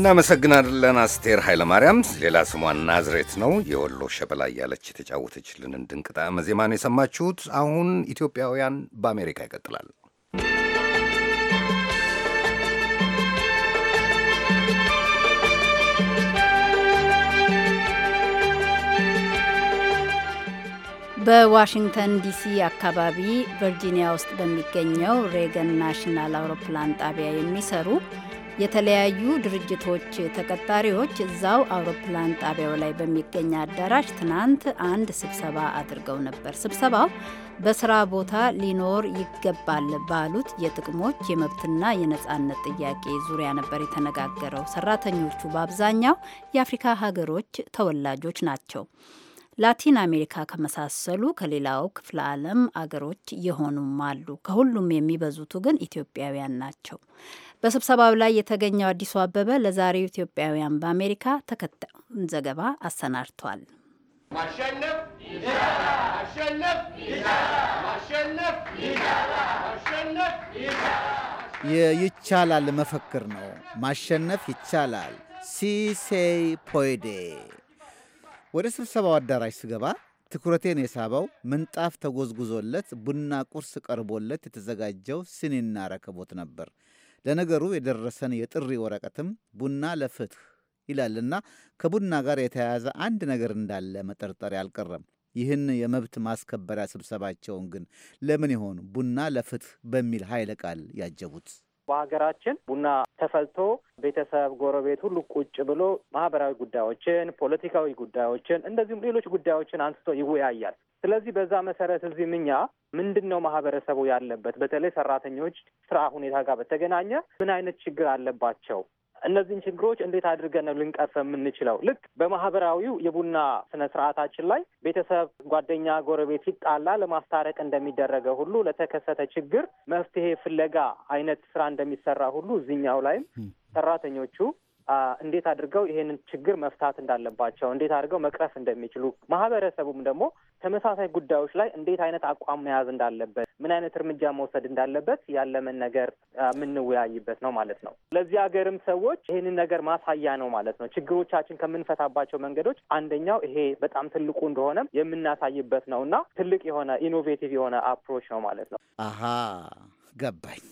S2: እናመሰግናለን አስቴር ኃይለማርያም። ሌላ ስሟ ናዝሬት ነው። የወሎ ሸበላ እያለች የተጫወተችልንን ድንቅ ጣዕመ ነው የሰማችሁት። አሁን ኢትዮጵያውያን በአሜሪካ ይቀጥላል።
S1: በዋሽንግተን ዲሲ አካባቢ ቨርጂኒያ ውስጥ በሚገኘው ሬገን ናሽናል አውሮፕላን ጣቢያ የሚሰሩ የተለያዩ ድርጅቶች ተቀጣሪዎች እዛው አውሮፕላን ጣቢያው ላይ በሚገኝ አዳራሽ ትናንት አንድ ስብሰባ አድርገው ነበር። ስብሰባው በስራ ቦታ ሊኖር ይገባል ባሉት የጥቅሞች የመብትና የነጻነት ጥያቄ ዙሪያ ነበር የተነጋገረው። ሰራተኞቹ በአብዛኛው የአፍሪካ ሀገሮች ተወላጆች ናቸው። ላቲን አሜሪካ ከመሳሰሉ ከሌላው ክፍለ ዓለም አገሮች የሆኑም አሉ። ከሁሉም የሚበዙቱ ግን ኢትዮጵያውያን ናቸው። በስብሰባው ላይ የተገኘው አዲሱ አበበ ለዛሬው ኢትዮጵያውያን በአሜሪካ ተከታዩን ዘገባ አሰናድቷል።
S7: ማሸነፍ
S15: ይቻላል መፈክር ነው። ማሸነፍ ይቻላል። ሲሴይ ፖይዴ ወደ ስብሰባው አዳራሽ ስገባ ትኩረቴን የሳበው ምንጣፍ ተጎዝጉዞለት ቡና ቁርስ ቀርቦለት የተዘጋጀው ስኒና ረከቦት ነበር። ለነገሩ የደረሰን የጥሪ ወረቀትም ቡና ለፍትህ ይላልና ከቡና ጋር የተያያዘ አንድ ነገር እንዳለ መጠርጠር አልቀረም። ይህን የመብት ማስከበሪያ ስብሰባቸውን ግን ለምን ይሆን ቡና ለፍትህ በሚል ኃይለ ቃል ያጀቡት?
S9: በሀገራችን ቡና ተፈልቶ ቤተሰብ፣ ጎረቤት ሁሉ ቁጭ ብሎ ማህበራዊ ጉዳዮችን፣ ፖለቲካዊ ጉዳዮችን እንደዚሁም ሌሎች ጉዳዮችን አንስቶ ይወያያል። ስለዚህ በዛ መሰረት እዚህም እኛ ምንድን ነው ማህበረሰቡ ያለበት በተለይ ሰራተኞች ስራ ሁኔታ ጋር በተገናኘ ምን አይነት ችግር አለባቸው እነዚህን ችግሮች እንዴት አድርገን ነው ልንቀርፍ የምንችለው? ልክ በማህበራዊው የቡና ስነ ስርዓታችን ላይ ቤተሰብ፣ ጓደኛ፣ ጎረቤት ሲጣላ ለማስታረቅ እንደሚደረገ ሁሉ ለተከሰተ ችግር መፍትሄ ፍለጋ አይነት ስራ እንደሚሰራ ሁሉ እዚህኛው ላይም ሰራተኞቹ እንዴት አድርገው ይሄንን ችግር መፍታት እንዳለባቸው፣ እንዴት አድርገው መቅረፍ እንደሚችሉ፣ ማህበረሰቡም ደግሞ ተመሳሳይ ጉዳዮች ላይ እንዴት አይነት አቋም መያዝ እንዳለበት፣ ምን አይነት እርምጃ መውሰድ እንዳለበት ያለምን ነገር የምንወያይበት ነው ማለት ነው። ለዚህ ሀገርም ሰዎች ይህንን ነገር ማሳያ ነው ማለት ነው። ችግሮቻችን ከምንፈታባቸው መንገዶች አንደኛው ይሄ በጣም ትልቁ እንደሆነም የምናሳይበት ነው እና ትልቅ የሆነ ኢኖቬቲቭ የሆነ አፕሮች ነው ማለት ነው።
S15: አሀ ገባኝ።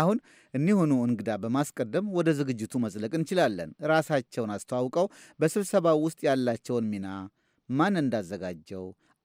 S15: አሁን እኒሆኑ እንግዳ በማስቀደም ወደ ዝግጅቱ መዝለቅ እንችላለን። ራሳቸውን አስተዋውቀው በስብሰባው ውስጥ ያላቸውን ሚና፣ ማን እንዳዘጋጀው፣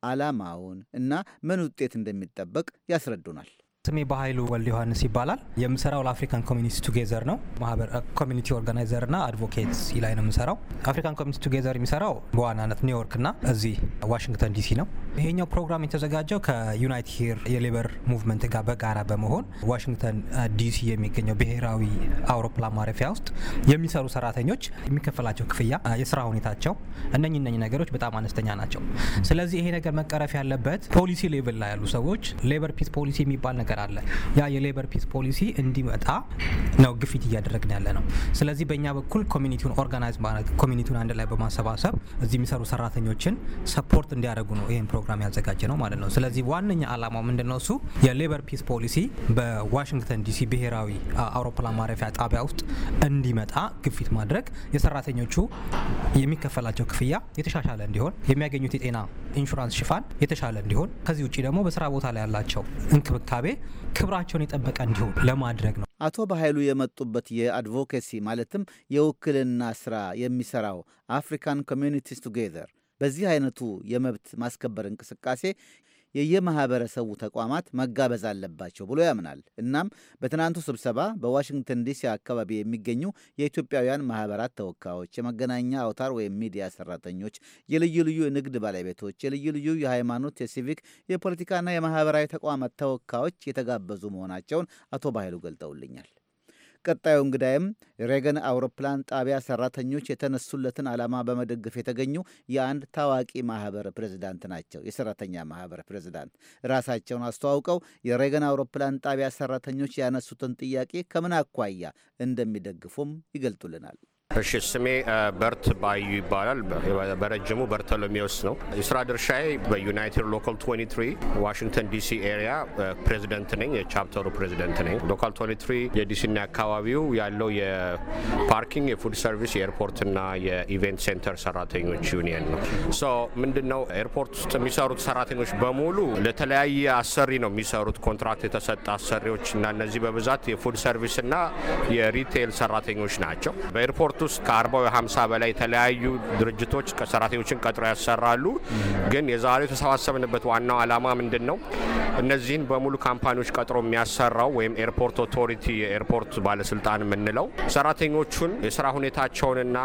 S15: ዓላማውን እና ምን ውጤት እንደሚጠበቅ ያስረዱናል።
S16: ስሜ በኃይሉ ወልድ ዮሐንስ ይባላል። የምሰራው ለአፍሪካን ኮሚኒቲ ቱጌዘር ነው። ማህበር ኮሚኒቲ ኦርጋናይዘር ና አድቮኬት ላይ ነው የምሰራው። አፍሪካን ኮሚኒቲ ቱጌዘር የሚሰራው በዋናነት ኒውዮርክ ና እዚህ ዋሽንግተን ዲሲ ነው። ይሄኛው ፕሮግራም የተዘጋጀው ከዩናይት ሂር የሌበር ሙቭመንት ጋር በጋራ በመሆን ዋሽንግተን ዲሲ የሚገኘው ብሔራዊ አውሮፕላን ማረፊያ ውስጥ የሚሰሩ ሰራተኞች የሚከፈላቸው ክፍያ፣ የስራ ሁኔታቸው እነኝ እነኝ ነገሮች በጣም አነስተኛ ናቸው። ስለዚህ ይሄ ነገር መቀረፍ ያለበት ፖሊሲ ሌቭል ላይ ያሉ ሰዎች ሌበር ፒስ ፖሊሲ የሚባል ነገር አለ። ያ የሌበር ፒስ ፖሊሲ እንዲመጣ ነው ግፊት እያደረግን ያለ ነው። ስለዚህ በእኛ በኩል ኮሚኒቲውን ኦርጋናይዝ ማድረግ፣ ኮሚኒቲውን አንድ ላይ በማሰባሰብ እዚህ የሚሰሩ ሰራተኞችን ሰፖርት እንዲያደርጉ ነው ይህን ፕሮግራም ያዘጋጀ ነው ማለት ነው። ስለዚህ ዋነኛ አላማው ምንድን ነው? እሱ የሌበር ፒስ ፖሊሲ በዋሽንግተን ዲሲ ብሔራዊ አውሮፕላን ማረፊያ ጣቢያ ውስጥ እንዲመጣ ግፊት ማድረግ፣ የሰራተኞቹ የሚከፈላቸው ክፍያ የተሻሻለ እንዲሆን፣ የሚያገኙት የጤና ኢንሹራንስ ሽፋን የተሻለ እንዲሆን፣ ከዚህ ውጭ ደግሞ በስራ ቦታ ላይ ያላቸው እንክብካቤ ክብራቸውን የጠበቀ እንዲሆን ለማድረግ ነው። አቶ
S15: በኃይሉ የመጡበት የአድቮኬሲ ማለትም የውክልና ስራ የሚሰራው አፍሪካን ኮሚዩኒቲስ ቱጌዘር በዚህ አይነቱ የመብት ማስከበር እንቅስቃሴ የየማህበረሰቡ ተቋማት መጋበዝ አለባቸው ብሎ ያምናል። እናም በትናንቱ ስብሰባ በዋሽንግተን ዲሲ አካባቢ የሚገኙ የኢትዮጵያውያን ማህበራት ተወካዮች፣ የመገናኛ አውታር ወይም ሚዲያ ሰራተኞች፣ የልዩ ልዩ ንግድ ባለቤቶች፣ የልዩ ልዩ የሃይማኖት፣ የሲቪክ፣ የፖለቲካና የማህበራዊ ተቋማት ተወካዮች የተጋበዙ መሆናቸውን አቶ ባህሉ ገልጠውልኛል። ቀጣዩ እንግዳይም ሬገን አውሮፕላን ጣቢያ ሰራተኞች የተነሱለትን ዓላማ በመደገፍ የተገኙ የአንድ ታዋቂ ማህበር ፕሬዚዳንት ናቸው። የሰራተኛ ማህበር ፕሬዚዳንት ራሳቸውን አስተዋውቀው የሬገን አውሮፕላን ጣቢያ ሰራተኞች ያነሱትን ጥያቄ ከምን አኳያ እንደሚደግፉም ይገልጡልናል።
S7: እሺ ስሜ በርት ባዩ ይባላል። በረጅሙ በርተሎሜዎስ ነው። የስራ ድርሻዬ በዩናይትድ ሎካል 23 ዋሽንግተን ዲሲ ኤሪያ ፕሬዚደንት ነኝ። የቻፕተሩ ፕሬዚደንት ነኝ። ሎካል 23 የዲሲና አካባቢው ያለው የፓርኪንግ፣ የፉድ ሰርቪስ፣ የኤርፖርትና የኢቨንት ሴንተር ሰራተኞች ዩኒየን ነው። ሶ ምንድን ነው ኤርፖርት ውስጥ የሚሰሩት ሰራተኞች በሙሉ ለተለያየ አሰሪ ነው የሚሰሩት፣ ኮንትራክት የተሰጠ አሰሪዎች እና እነዚህ በብዛት የፉድ ሰርቪስና የሪቴል ሰራተኞች ናቸው በኤርፖርት ውስጥ ከአርባ ወይ ሀምሳ በላይ የተለያዩ ድርጅቶች ሰራተኞችን ቀጥሮ ያሰራሉ። ግን የዛሬው የተሰባሰብንበት ዋናው ዓላማ ምንድን ነው? እነዚህን በሙሉ ካምፓኒዎች ቀጥሮ የሚያሰራው ወይም ኤርፖርት ኦቶሪቲ የኤርፖርት ባለስልጣን የምንለው ሰራተኞቹን የስራ ሁኔታቸውንና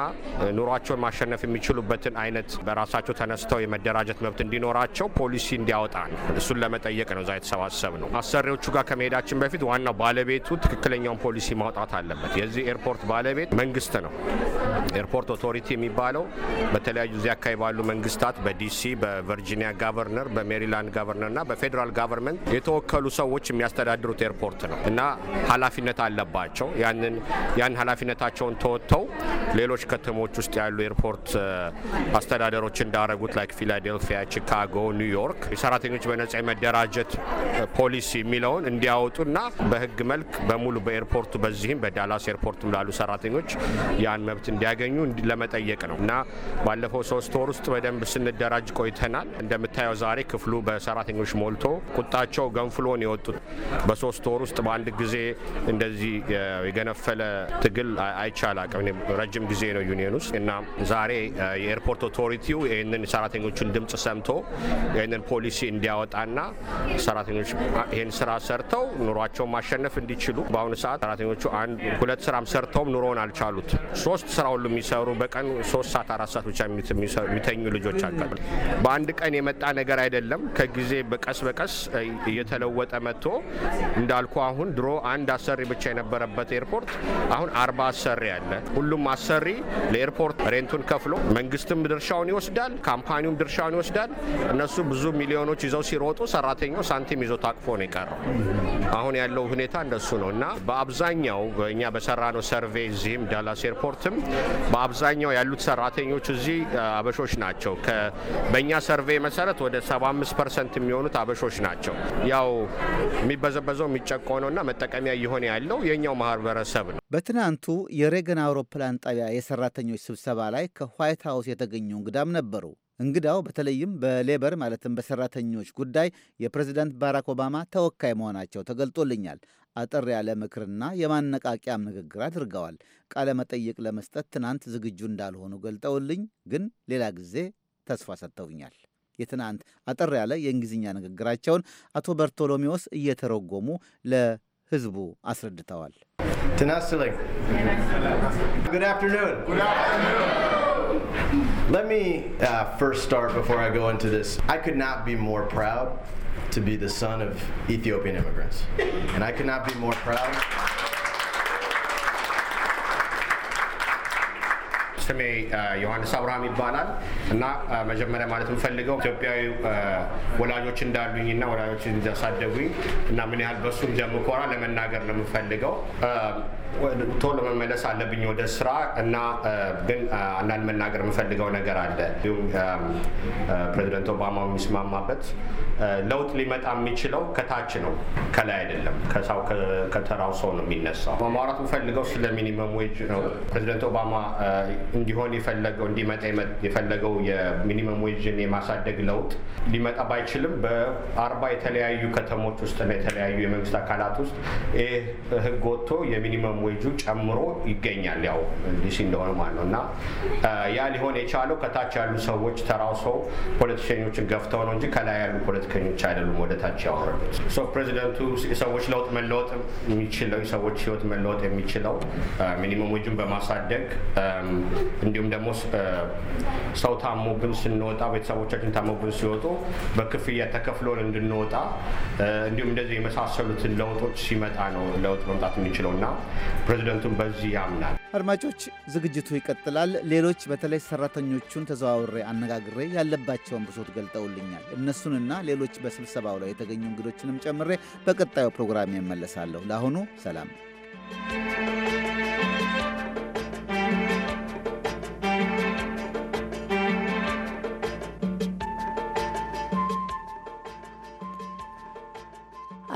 S7: ኑሯቸውን ማሸነፍ የሚችሉበትን አይነት በራሳቸው ተነስተው የመደራጀት መብት እንዲኖራቸው ፖሊሲ እንዲያወጣ ነው። እሱን ለመጠየቅ ነው እዛ የተሰባሰብ ነው። አሰሪዎቹ ጋር ከመሄዳችን በፊት ዋናው ባለቤቱ ትክክለኛውን ፖሊሲ ማውጣት አለበት። የዚህ ኤርፖርት ባለቤት መንግስት ነው። ኤርፖርት ኦቶሪቲ የሚባለው በተለያዩ እዚህ አካባቢ ባሉ መንግስታት በዲሲ፣ በቨርጂኒያ ጋቨርነር፣ በሜሪላንድ ጋቨርነር እና በፌዴራል ጋቨርንመንት የተወከሉ ሰዎች የሚያስተዳድሩት ኤርፖርት ነው እና ሀላፊነት አለባቸው። ያንን ያን ሀላፊነታቸውን ተወጥተው ሌሎች ከተሞች ውስጥ ያሉ ኤርፖርት አስተዳደሮች እንዳረጉት ላይክ ፊላዴልፊያ፣ ቺካጎ፣ ኒውዮርክ የሰራተኞች በነጻ የመደራጀት ፖሊሲ የሚለውን እንዲያወጡና በህግ መልክ በሙሉ በኤርፖርቱ በዚህም በዳላስ ኤርፖርትም ላሉ ሰራተኞች ያ የመዳን መብት እንዲያገኙ ለመጠየቅ ነው እና ባለፈው ሶስት ወር ውስጥ በደንብ ስንደራጅ ቆይተናል። እንደምታየው ዛሬ ክፍሉ በሰራተኞች ሞልቶ ቁጣቸው ገንፍሎን የወጡት በሶስት ወር ውስጥ በአንድ ጊዜ እንደዚህ የገነፈለ ትግል አይቻል አቅም ረጅም ጊዜ ነው ዩኒየን ውስጥ እና ዛሬ የኤርፖርት ኦቶሪቲው ይህንን ሰራተኞቹን ድምጽ ሰምቶ ይህንን ፖሊሲ እንዲያወጣና ሰራተኞች ይህን ስራ ሰርተው ኑሯቸውን ማሸነፍ እንዲችሉ በአሁኑ ሰዓት ሰራተኞቹ ሁለት ስራም ሰርተውም ኑሮውን አልቻሉት። ሶስት ስራ ሁሉ የሚሰሩ በቀን ሶስት ሰዓት አራት ሰዓት ብቻ የሚተኙ ልጆች አሉ። በአንድ ቀን የመጣ ነገር አይደለም። ከጊዜ በቀስ በቀስ እየተለወጠ መጥቶ እንዳልኩ አሁን ድሮ አንድ አሰሪ ብቻ የነበረበት ኤርፖርት አሁን አርባ አሰሪ አለ። ሁሉም አሰሪ ለኤርፖርት ሬንቱን ከፍሎ መንግስትም ድርሻውን ይወስዳል፣ ካምፓኒውም ድርሻውን ይወስዳል። እነሱ ብዙ ሚሊዮኖች ይዘው ሲሮጡ ሰራተኛው ሳንቲም ይዞ ታቅፎ ነው የቀረው። አሁን ያለው ሁኔታ እንደሱ ነው እና በአብዛኛው እኛ ነው ሰርቬይ እዚህም ዳላስ ኤርፖርት ሪፖርትም በአብዛኛው ያሉት ሰራተኞች እዚህ አበሾች ናቸው። በእኛ ሰርቬይ መሰረት ወደ 75 ፐርሰንት የሚሆኑት አበሾች ናቸው። ያው የሚበዘበዘው የሚጨቆነውና መጠቀሚያ እየሆነ ያለው የኛው ማህበረሰብ ነው።
S15: በትናንቱ የሬገን አውሮፕላን ጣቢያ የሰራተኞች ስብሰባ ላይ ከዋይት ሀውስ የተገኙ እንግዳም ነበሩ። እንግዳው በተለይም በሌበር ማለትም በሰራተኞች ጉዳይ የፕሬዚዳንት ባራክ ኦባማ ተወካይ መሆናቸው ተገልጦልኛል። አጠር ያለ ምክርና የማነቃቂያም ንግግር አድርገዋል። ቃለ መጠይቅ ለመስጠት ትናንት ዝግጁ እንዳልሆኑ ገልጠውልኝ፣ ግን ሌላ ጊዜ ተስፋ ሰጥተውኛል። የትናንት አጠር ያለ የእንግሊዝኛ ንግግራቸውን አቶ በርቶሎሜዎስ እየተረጎሙ ለሕዝቡ አስረድተዋል። ትናስለኝ Let me uh, first start before I go into this. I could not be more proud
S7: to be the son of Ethiopian immigrants, and I could not be more proud. ስሜ uh, ዮሐንስ አብርሃም ይባላል እና uh, መጀመሪያ ማለት የምፈልገው ኢትዮጵያዊ uh, ወላጆች እንዳሉኝ እና ወላጆች እንዳሳደጉኝ እና ምን ያህል በሱም እንደምኮራ ለመናገር ነው የምፈልገው። ቶሎ መመለስ አለብኝ ወደ ስራ እና ግን አንዳንድ መናገር የምፈልገው ነገር አለ። እንዲሁም ፕሬዚደንት ኦባማ የሚስማማበት ለውጥ ሊመጣ የሚችለው ከታች ነው፣ ከላይ አይደለም። ከሰው ከተራው ሰው ነው የሚነሳው። ማውራት የምፈልገው ስለ ሚኒመም ዌጅ ነው። ፕሬዚደንት ኦባማ እንዲሆን የፈለገው እንዲመጣ የፈለገው የሚኒመም ዌጅን የማሳደግ ለውጥ ሊመጣ ባይችልም በአርባ የተለያዩ ከተሞች ውስጥ እና የተለያዩ የመንግስት አካላት ውስጥ ይህ ህግ ወጥቶ የሚኒመም ሚኒመም ጨምሮ ይገኛል። ያው ዲሲ እንደሆነ ማለት ነው። እና ያ ሊሆን የቻለው ከታች ያሉ ሰዎች ተራው ሰው ፖለቲከኞችን ገፍተው ነው እንጂ ከላይ ያሉ ፖለቲከኞች አይደሉም ወደ ታች ያወረዱት። ሶ ፕሬዚደንቱ የሰዎች ለውጥ መለወጥ የሚችለው የሰዎች ህይወት መለወጥ የሚችለው ሚኒመም ዌጁን በማሳደግ እንዲሁም ደግሞ ሰው ታሞብን ስንወጣ ቤተሰቦቻችን ታሞብን ሲወጡ በክፍያ ተከፍሎን እንድንወጣ እንዲሁም እንደዚህ የመሳሰሉትን ለውጦች ሲመጣ ነው ለውጥ መምጣት የሚችለው እና ፕሬዚደንቱን በዚህ ያምናል።
S15: አድማጮች፣ ዝግጅቱ ይቀጥላል። ሌሎች በተለይ ሰራተኞቹን ተዘዋውሬ አነጋግሬ ያለባቸውን ብሶት ገልጠውልኛል። እነሱንና ሌሎች በስብሰባው ላይ የተገኙ እንግዶችንም ጨምሬ በቀጣዩ ፕሮግራም ይመለሳለሁ። ለአሁኑ ሰላም።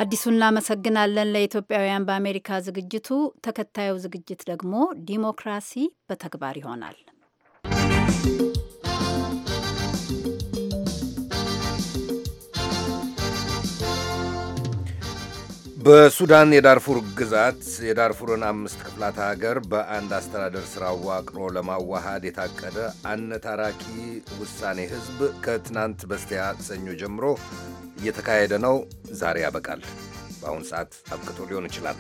S1: አዲሱን እናመሰግናለን ለኢትዮጵያውያን በአሜሪካ ዝግጅቱ። ተከታዩ ዝግጅት ደግሞ ዲሞክራሲ በተግባር ይሆናል።
S2: በሱዳን የዳርፉር ግዛት የዳርፉርን አምስት ክፍላት ሀገር በአንድ አስተዳደር ስራ አዋቅሮ ለማዋሃድ የታቀደ አነታራኪ ውሳኔ ህዝብ ከትናንት በስቲያ ሰኞ ጀምሮ እየተካሄደ ነው። ዛሬ ያበቃል። በአሁኑ ሰዓት አብቅቶ ሊሆን ይችላል።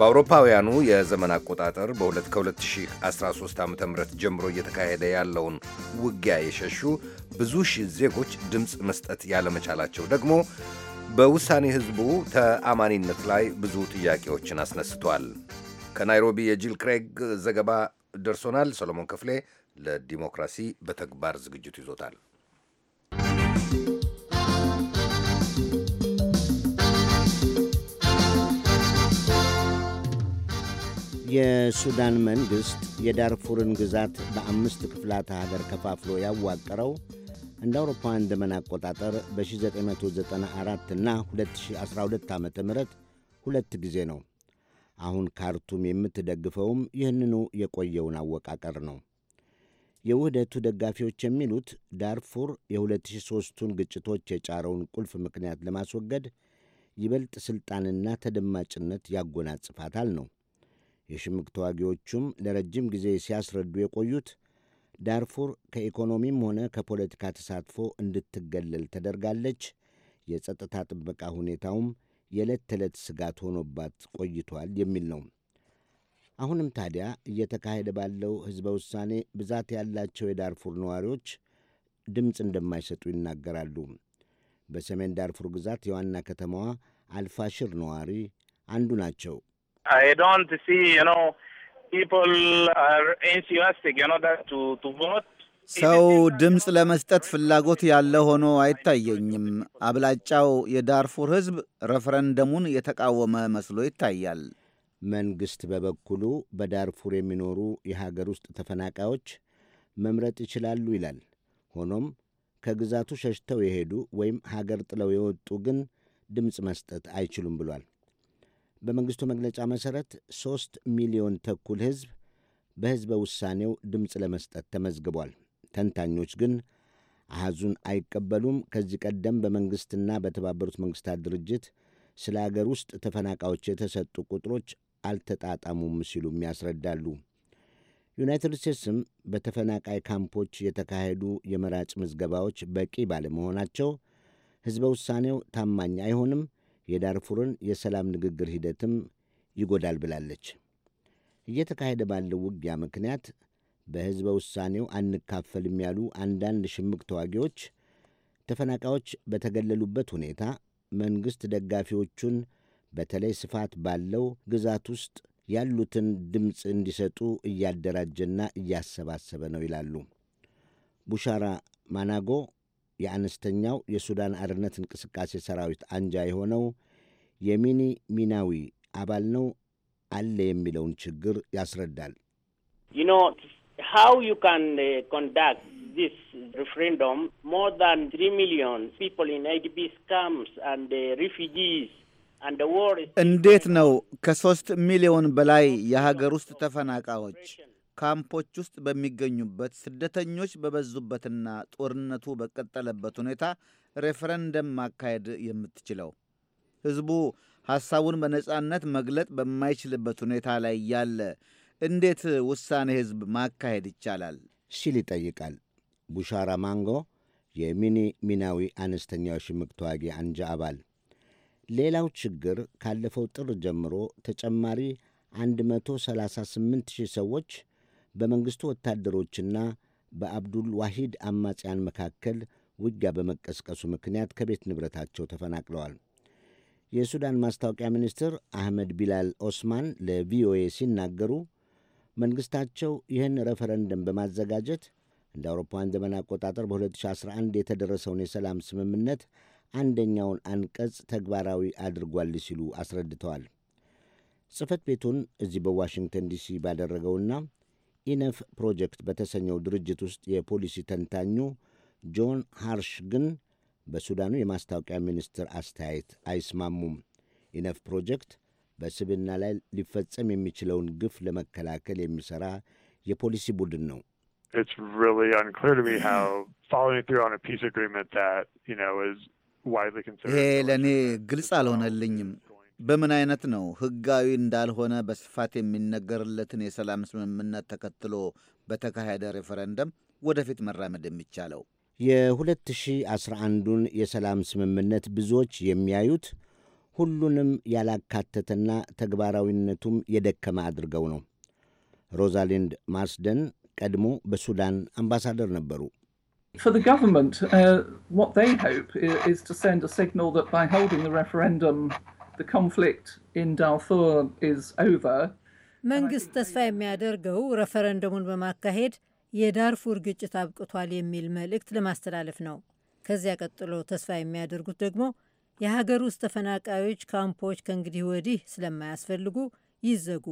S2: በአውሮፓውያኑ የዘመን አቆጣጠር በ 2013 ዓ ም ጀምሮ እየተካሄደ ያለውን ውጊያ የሸሹ ብዙ ሺህ ዜጎች ድምፅ መስጠት ያለመቻላቸው ደግሞ በውሳኔ ሕዝቡ ተአማኒነት ላይ ብዙ ጥያቄዎችን አስነስቷል። ከናይሮቢ የጂል ክሬግ ዘገባ ደርሶናል። ሰሎሞን ክፍሌ ለዲሞክራሲ በተግባር ዝግጅቱ ይዞታል።
S6: የሱዳን መንግሥት የዳርፉርን ግዛት በአምስት ክፍላተ ሀገር ከፋፍሎ ያዋቀረው እንደ አውሮፓውያን ዘመን አቆጣጠር በ1994 እና 2012 ዓ ም ሁለት ጊዜ ነው። አሁን ካርቱም የምትደግፈውም ይህንኑ የቆየውን አወቃቀር ነው። የውህደቱ ደጋፊዎች የሚሉት ዳርፉር የ2003ቱን ግጭቶች የጫረውን ቁልፍ ምክንያት ለማስወገድ ይበልጥ ሥልጣንና ተደማጭነት ያጎናጽፋታል ነው። የሽምቅ ተዋጊዎቹም ለረጅም ጊዜ ሲያስረዱ የቆዩት ዳርፉር ከኢኮኖሚም ሆነ ከፖለቲካ ተሳትፎ እንድትገለል ተደርጋለች። የጸጥታ ጥበቃ ሁኔታውም የዕለት ተዕለት ስጋት ሆኖባት ቆይቷል የሚል ነው። አሁንም ታዲያ እየተካሄደ ባለው ሕዝበ ውሳኔ ብዛት ያላቸው የዳርፉር ነዋሪዎች ድምፅ እንደማይሰጡ ይናገራሉ። በሰሜን ዳርፉር ግዛት የዋና ከተማዋ አልፋሽር ነዋሪ አንዱ ናቸው።
S15: ሰው ድምፅ ለመስጠት ፍላጎት ያለ ሆኖ አይታየኝም። አብላጫው የዳርፉር ሕዝብ ረፈረንደሙን የተቃወመ መስሎ ይታያል። መንግሥት
S6: በበኩሉ በዳርፉር የሚኖሩ የሀገር ውስጥ ተፈናቃዮች መምረጥ ይችላሉ ይላል። ሆኖም ከግዛቱ ሸሽተው የሄዱ ወይም ሀገር ጥለው የወጡ ግን ድምፅ መስጠት አይችሉም ብሏል። በመንግሥቱ መግለጫ መሠረት ሦስት ሚሊዮን ተኩል ሕዝብ በሕዝበ ውሳኔው ድምፅ ለመስጠት ተመዝግቧል። ተንታኞች ግን አሐዙን አይቀበሉም። ከዚህ ቀደም በመንግሥትና በተባበሩት መንግሥታት ድርጅት ስለ አገር ውስጥ ተፈናቃዮች የተሰጡ ቁጥሮች አልተጣጣሙም ሲሉም ያስረዳሉ። ዩናይትድ ስቴትስም በተፈናቃይ ካምፖች የተካሄዱ የመራጭ ምዝገባዎች በቂ ባለመሆናቸው ሕዝበ ውሳኔው ታማኝ አይሆንም የዳርፉርን የሰላም ንግግር ሂደትም ይጎዳል ብላለች። እየተካሄደ ባለው ውጊያ ምክንያት በሕዝበ ውሳኔው አንካፈልም ያሉ አንዳንድ ሽምቅ ተዋጊዎች ተፈናቃዮች በተገለሉበት ሁኔታ መንግሥት ደጋፊዎቹን በተለይ ስፋት ባለው ግዛት ውስጥ ያሉትን ድምፅ እንዲሰጡ እያደራጀና እያሰባሰበ ነው ይላሉ ቡሻራ ማናጎ የአነስተኛው የሱዳን አርነት እንቅስቃሴ ሰራዊት አንጃ የሆነው የሚኒ ሚናዊ አባል ነው አለ የሚለውን ችግር ያስረዳል።
S9: uh, uh,
S15: እንዴት ነው ከሶስት ሚሊዮን በላይ የሀገር ውስጥ ተፈናቃዮች ካምፖች ውስጥ በሚገኙበት ስደተኞች በበዙበትና ጦርነቱ በቀጠለበት ሁኔታ ሬፈረንደም ማካሄድ የምትችለው ሕዝቡ ሐሳቡን በነጻነት መግለጥ በማይችልበት ሁኔታ ላይ ያለ እንዴት ውሳኔ ሕዝብ ማካሄድ ይቻላል ሲል ይጠይቃል።
S6: ቡሻራ ማንጎ የሚኒ ሚናዊ አነስተኛ ሽምቅ ተዋጊ አንጃ አባል። ሌላው ችግር ካለፈው ጥር ጀምሮ ተጨማሪ 138,000 ሰዎች በመንግሥቱ ወታደሮችና በአብዱል ዋሂድ አማጽያን መካከል ውጊያ በመቀስቀሱ ምክንያት ከቤት ንብረታቸው ተፈናቅለዋል። የሱዳን ማስታወቂያ ሚኒስትር አህመድ ቢላል ኦስማን ለቪኦኤ ሲናገሩ መንግሥታቸው ይህን ረፈረንደም በማዘጋጀት እንደ አውሮፓውያን ዘመን አቆጣጠር በ2011 የተደረሰውን የሰላም ስምምነት አንደኛውን አንቀጽ ተግባራዊ አድርጓል ሲሉ አስረድተዋል። ጽህፈት ቤቱን እዚህ በዋሽንግተን ዲሲ ባደረገውና ኢነፍ ፕሮጀክት በተሰኘው ድርጅት ውስጥ የፖሊሲ ተንታኙ ጆን ሃርሽ ግን በሱዳኑ የማስታወቂያ ሚኒስትር አስተያየት አይስማሙም። ኢነፍ ፕሮጀክት በስብና ላይ ሊፈጸም የሚችለውን ግፍ ለመከላከል የሚሠራ የፖሊሲ ቡድን ነው።
S17: ይሄ
S15: ለእኔ ግልጽ አልሆነልኝም። በምን አይነት ነው ህጋዊ እንዳልሆነ በስፋት የሚነገርለትን የሰላም ስምምነት ተከትሎ በተካሄደ ሬፈረንደም ወደፊት መራመድ የሚቻለው?
S6: የ2011ን የሰላም ስምምነት ብዙዎች የሚያዩት ሁሉንም ያላካተተና ተግባራዊነቱም የደከመ አድርገው ነው። ሮዛሊንድ ማርስደን ቀድሞ በሱዳን አምባሳደር
S3: ነበሩ። ሬፈረንደም the conflict in Darfur is over.
S1: መንግስት ተስፋ የሚያደርገው ረፈረንደሙን በማካሄድ የዳርፉር ግጭት አብቅቷል የሚል መልእክት ለማስተላለፍ ነው። ከዚያ ቀጥሎ ተስፋ የሚያደርጉት ደግሞ የሀገር ውስጥ ተፈናቃዮች ካምፖች ከእንግዲህ ወዲህ ስለማያስፈልጉ ይዘጉ፣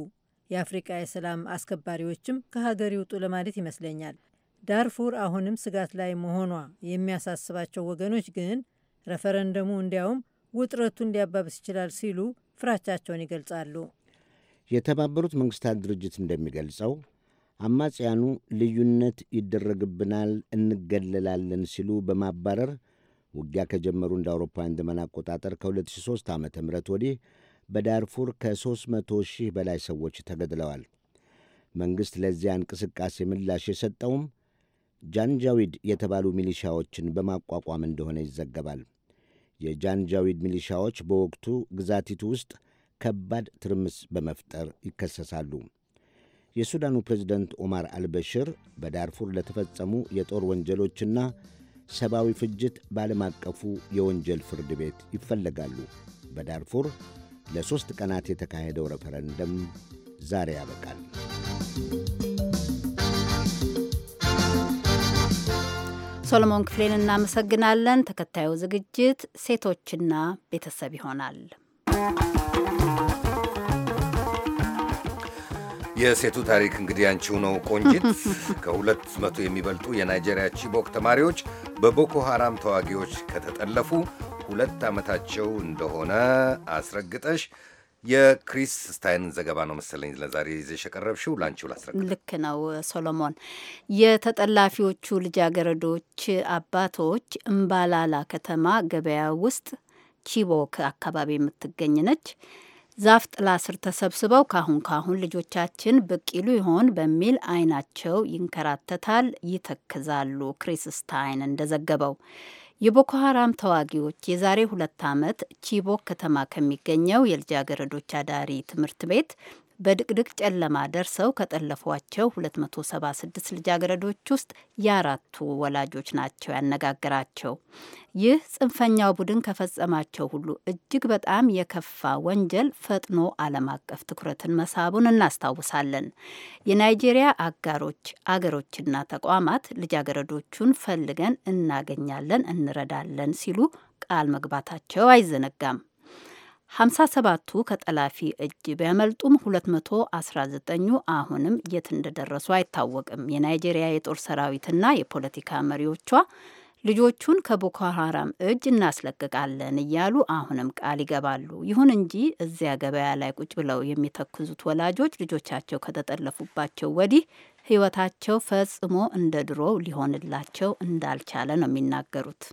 S1: የአፍሪቃ የሰላም አስከባሪዎችም ከሀገር ይውጡ ለማለት ይመስለኛል። ዳርፉር አሁንም ስጋት ላይ መሆኗ የሚያሳስባቸው ወገኖች ግን ረፈረንደሙ እንዲያውም ውጥረቱን ሊያባብስ ይችላል ሲሉ ፍራቻቸውን ይገልጻሉ።
S6: የተባበሩት መንግስታት ድርጅት እንደሚገልጸው አማጽያኑ ልዩነት ይደረግብናል፣ እንገለላለን ሲሉ በማባረር ውጊያ ከጀመሩ እንደ አውሮፓውያን ዘመን አቆጣጠር ከ2003 ዓ ም ወዲህ በዳርፉር ከ300 ሺህ በላይ ሰዎች ተገድለዋል። መንግሥት ለዚያ እንቅስቃሴ ምላሽ የሰጠውም ጃንጃዊድ የተባሉ ሚሊሻዎችን በማቋቋም እንደሆነ ይዘገባል። የጃንጃዊድ ሚሊሻዎች በወቅቱ ግዛቲቱ ውስጥ ከባድ ትርምስ በመፍጠር ይከሰሳሉ። የሱዳኑ ፕሬዝደንት ኦማር አልበሽር በዳርፉር ለተፈጸሙ የጦር ወንጀሎችና ሰብአዊ ፍጅት በዓለም አቀፉ የወንጀል ፍርድ ቤት ይፈለጋሉ። በዳርፉር ለሦስት ቀናት የተካሄደው ሬፈረንደም ዛሬ ያበቃል።
S1: ሶሎሞን ክፍሌን እናመሰግናለን። ተከታዩ ዝግጅት ሴቶችና ቤተሰብ ይሆናል።
S2: የሴቱ ታሪክ እንግዲህ አንቺው ነው ቆንጂት። ከሁለት መቶ የሚበልጡ የናይጄሪያ ቺቦክ ተማሪዎች በቦኮ ሐራም ተዋጊዎች ከተጠለፉ ሁለት ዓመታቸው እንደሆነ አስረግጠሽ የክሪስ ስታይን ዘገባ ነው መሰለኝ ለዛሬ ይዘሽ የቀረብሽው። ላንቺው ላስረግ።
S1: ልክ ነው ሶሎሞን። የተጠላፊዎቹ ልጃገረዶች አባቶች እምባላላ ከተማ ገበያ ውስጥ ቺቦክ አካባቢ የምትገኝ ነች። ዛፍ ጥላ ስር ተሰብስበው ካሁን ካሁን ልጆቻችን ብቅ ይሉ ይሆን በሚል አይናቸው ይንከራተታል፣ ይተክዛሉ። ክሪስ ስታይን እንደዘገበው የቦኮ ሀራም ተዋጊዎች የዛሬ ሁለት ዓመት ቺቦክ ከተማ ከሚገኘው የልጃገረዶች አዳሪ ትምህርት ቤት በድቅድቅ ጨለማ ደርሰው ከጠለፏቸው 276 ልጃገረዶች ውስጥ የአራቱ ወላጆች ናቸው ያነጋግራቸው። ይህ ጽንፈኛው ቡድን ከፈጸማቸው ሁሉ እጅግ በጣም የከፋ ወንጀል ፈጥኖ ዓለም አቀፍ ትኩረትን መሳቡን እናስታውሳለን። የናይጄሪያ አጋሮች አገሮችና ተቋማት ልጃገረዶቹን ፈልገን እናገኛለን፣ እንረዳለን ሲሉ ቃል መግባታቸው አይዘነጋም። 57ቱ ከጠላፊ እጅ ቢያመልጡም 219ኙ አሁንም የት እንደደረሱ አይታወቅም። የናይጄሪያ የጦር ሰራዊትና የፖለቲካ መሪዎቿ ልጆቹን ከቦኮ ሀራም እጅ እናስለቅቃለን እያሉ አሁንም ቃል ይገባሉ። ይሁን እንጂ እዚያ ገበያ ላይ ቁጭ ብለው የሚተክዙት ወላጆች ልጆቻቸው ከተጠለፉባቸው ወዲህ ሕይወታቸው ፈጽሞ እንደ ድሮው ሊሆንላቸው እንዳልቻለ ነው የሚናገሩት።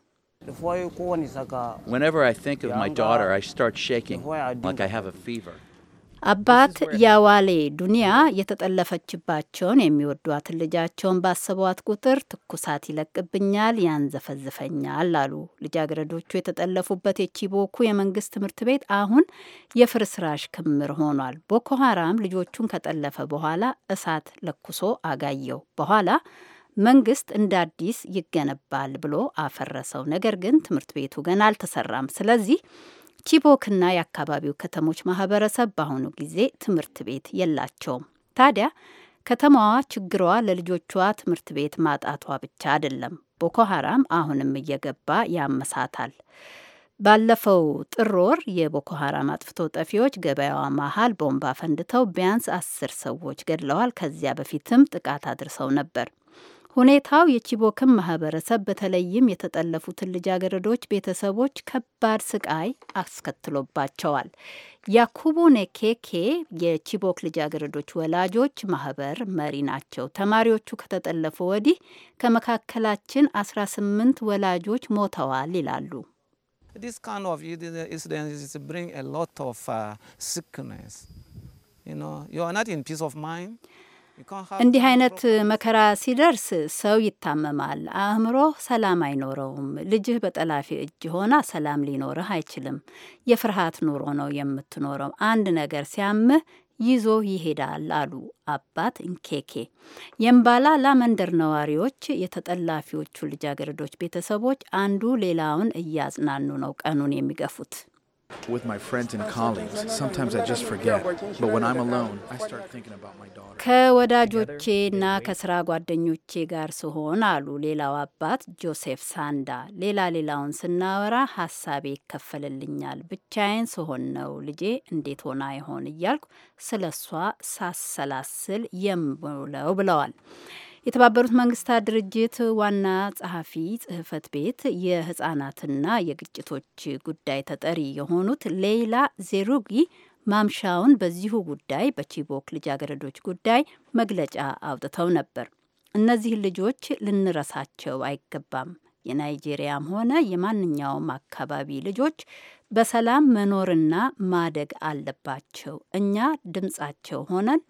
S1: Whenever
S13: I think of my daughter, I start shaking like I have a fever.
S1: አባት ያዋሌ ዱኒያ የተጠለፈችባቸውን የሚወዷት ልጃቸውን ባሰቧት ቁጥር ትኩሳት ይለቅብኛል፣ ያንዘፈዝፈኛል አሉ። ልጃገረዶቹ የተጠለፉበት የቺቦኩ የመንግስት ትምህርት ቤት አሁን የፍርስራሽ ክምር ሆኗል። ቦኮ ሀራም ልጆቹን ከጠለፈ በኋላ እሳት ለኩሶ አጋየው በኋላ መንግስት እንደ አዲስ ይገነባል ብሎ አፈረሰው። ነገር ግን ትምህርት ቤቱ ገና አልተሰራም። ስለዚህ ቺቦክና የአካባቢው ከተሞች ማህበረሰብ በአሁኑ ጊዜ ትምህርት ቤት የላቸውም። ታዲያ ከተማዋ ችግሯ ለልጆቿ ትምህርት ቤት ማጣቷ ብቻ አይደለም። ቦኮ ሀራም አሁንም እየገባ ያመሳታል። ባለፈው ጥር ወር የቦኮ ሀራም አጥፍቶ ጠፊዎች ገበያዋ መሀል ቦምባ ፈንድተው ቢያንስ አስር ሰዎች ገድለዋል። ከዚያ በፊትም ጥቃት አድርሰው ነበር። ሁኔታው የቺቦክን ማህበረሰብ በተለይም የተጠለፉትን ልጃገረዶች ቤተሰቦች ከባድ ስቃይ አስከትሎባቸዋል። ያኩቡ ኔኬኬ የቺቦክ ልጃገረዶች ወላጆች ማህበር መሪ ናቸው። ተማሪዎቹ ከተጠለፉ ወዲህ ከመካከላችን 18 ወላጆች ሞተዋል ይላሉ። እንዲህ አይነት መከራ ሲደርስ ሰው ይታመማል። አእምሮ ሰላም አይኖረውም። ልጅህ በጠላፊ እጅ ሆና ሰላም ሊኖርህ አይችልም። የፍርሃት ኑሮ ነው የምትኖረው። አንድ ነገር ሲያምህ ይዞ ይሄዳል አሉ አባት እንኬኬ። የምባላላ መንደር ነዋሪዎች የተጠላፊዎቹ ልጃገረዶች ቤተሰቦች አንዱ ሌላውን እያጽናኑ ነው ቀኑን የሚገፉት። ከወዳጆቼና ከስራ ጓደኞቼ ጋር ስሆን አሉ ሌላው አባት ጆሴፍ ሳንዳ፣ ሌላ ሌላውን ስናወራ ሀሳቤ ይከፈልልኛል። ብቻዬን ስሆን ነው ልጄ እንዴት ሆና ይሆን እያልኩ ስለ እሷ ሳሰላስል የምውለው ብለዋል። የተባበሩት መንግስታት ድርጅት ዋና ጸሐፊ ጽህፈት ቤት የህጻናትና የግጭቶች ጉዳይ ተጠሪ የሆኑት ሌይላ ዜሩጊ ማምሻውን በዚሁ ጉዳይ በቺቦክ ልጃገረዶች ጉዳይ መግለጫ አውጥተው ነበር። እነዚህ ልጆች ልንረሳቸው አይገባም። የናይጄሪያም ሆነ የማንኛውም አካባቢ ልጆች በሰላም መኖርና ማደግ አለባቸው። እኛ ድምጻቸው ሆነን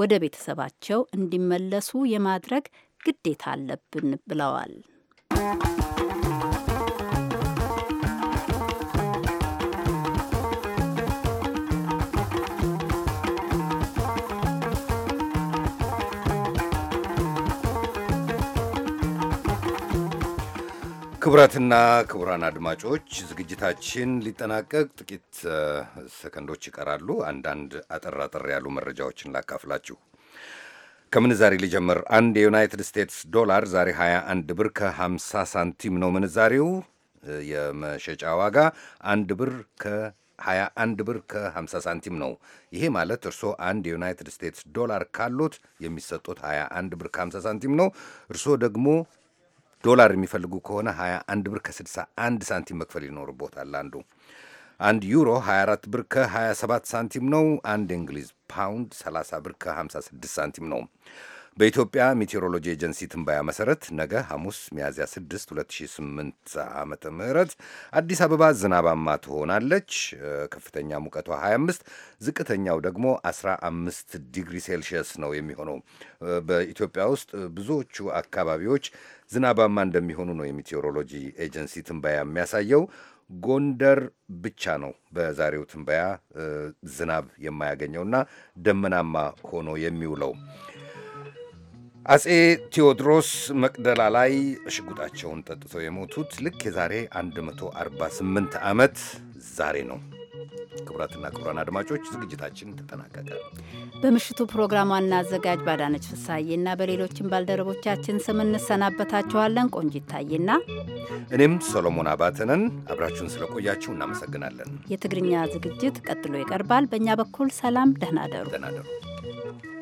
S1: ወደ ቤተሰባቸው እንዲመለሱ የማድረግ ግዴታ አለብን ብለዋል።
S2: ክቡራትና ክቡራን አድማጮች ዝግጅታችን ሊጠናቀቅ ጥቂት ሰከንዶች ይቀራሉ። አንዳንድ አጠር አጠር ያሉ መረጃዎችን ላካፍላችሁ። ከምንዛሬ ሊጀምር አንድ የዩናይትድ ስቴትስ ዶላር ዛሬ 21 ብር ከ50 ሳንቲም ነው ምንዛሬው። የመሸጫ ዋጋ አንድ ብር ከ21 ብር ከ50 ሳንቲም ነው። ይሄ ማለት እርስዎ አንድ የዩናይትድ ስቴትስ ዶላር ካሎት የሚሰጡት 21 ብር ከ50 ሳንቲም ነው። እርስዎ ደግሞ ዶላር የሚፈልጉ ከሆነ 21 ብር ከ61 ሳንቲም መክፈል ይኖርቦታል። አንዱ አንድ ዩሮ 24 ብር ከ27 ሳንቲም ነው። አንድ እንግሊዝ ፓውንድ 30 ብር ከ56 ሳንቲም ነው። በኢትዮጵያ ሜቴሮሎጂ ኤጀንሲ ትንባያ መሰረት ነገ ሐሙስ ሚያዝያ 6 2008 ዓ ም አዲስ አበባ ዝናባማ ትሆናለች። ከፍተኛ ሙቀቷ 25፣ ዝቅተኛው ደግሞ 15 ዲግሪ ሴልሺየስ ነው የሚሆነው። በኢትዮጵያ ውስጥ ብዙዎቹ አካባቢዎች ዝናባማ እንደሚሆኑ ነው የሜቴሮሎጂ ኤጀንሲ ትንባያ የሚያሳየው። ጎንደር ብቻ ነው በዛሬው ትንበያ ዝናብ የማያገኘውና ደመናማ ሆኖ የሚውለው። አጼ ቴዎድሮስ መቅደላ ላይ ሽጉጣቸውን ጠጥተው የሞቱት ልክ የዛሬ 148 ዓመት ዛሬ ነው። ክቡራትና ክቡራን አድማጮች ዝግጅታችን ተጠናቀቀ።
S1: በምሽቱ ፕሮግራሟን አዘጋጅ ባዳነች ፍሳዬና በሌሎችም ባልደረቦቻችን ስም እንሰናበታችኋለን። ቆንጅ ታዬና
S2: እኔም ሰሎሞን አባተነን አብራችሁን ስለቆያችሁ እናመሰግናለን።
S1: የትግርኛ ዝግጅት ቀጥሎ ይቀርባል። በእኛ በኩል ሰላም፣ ደህና ደሩ።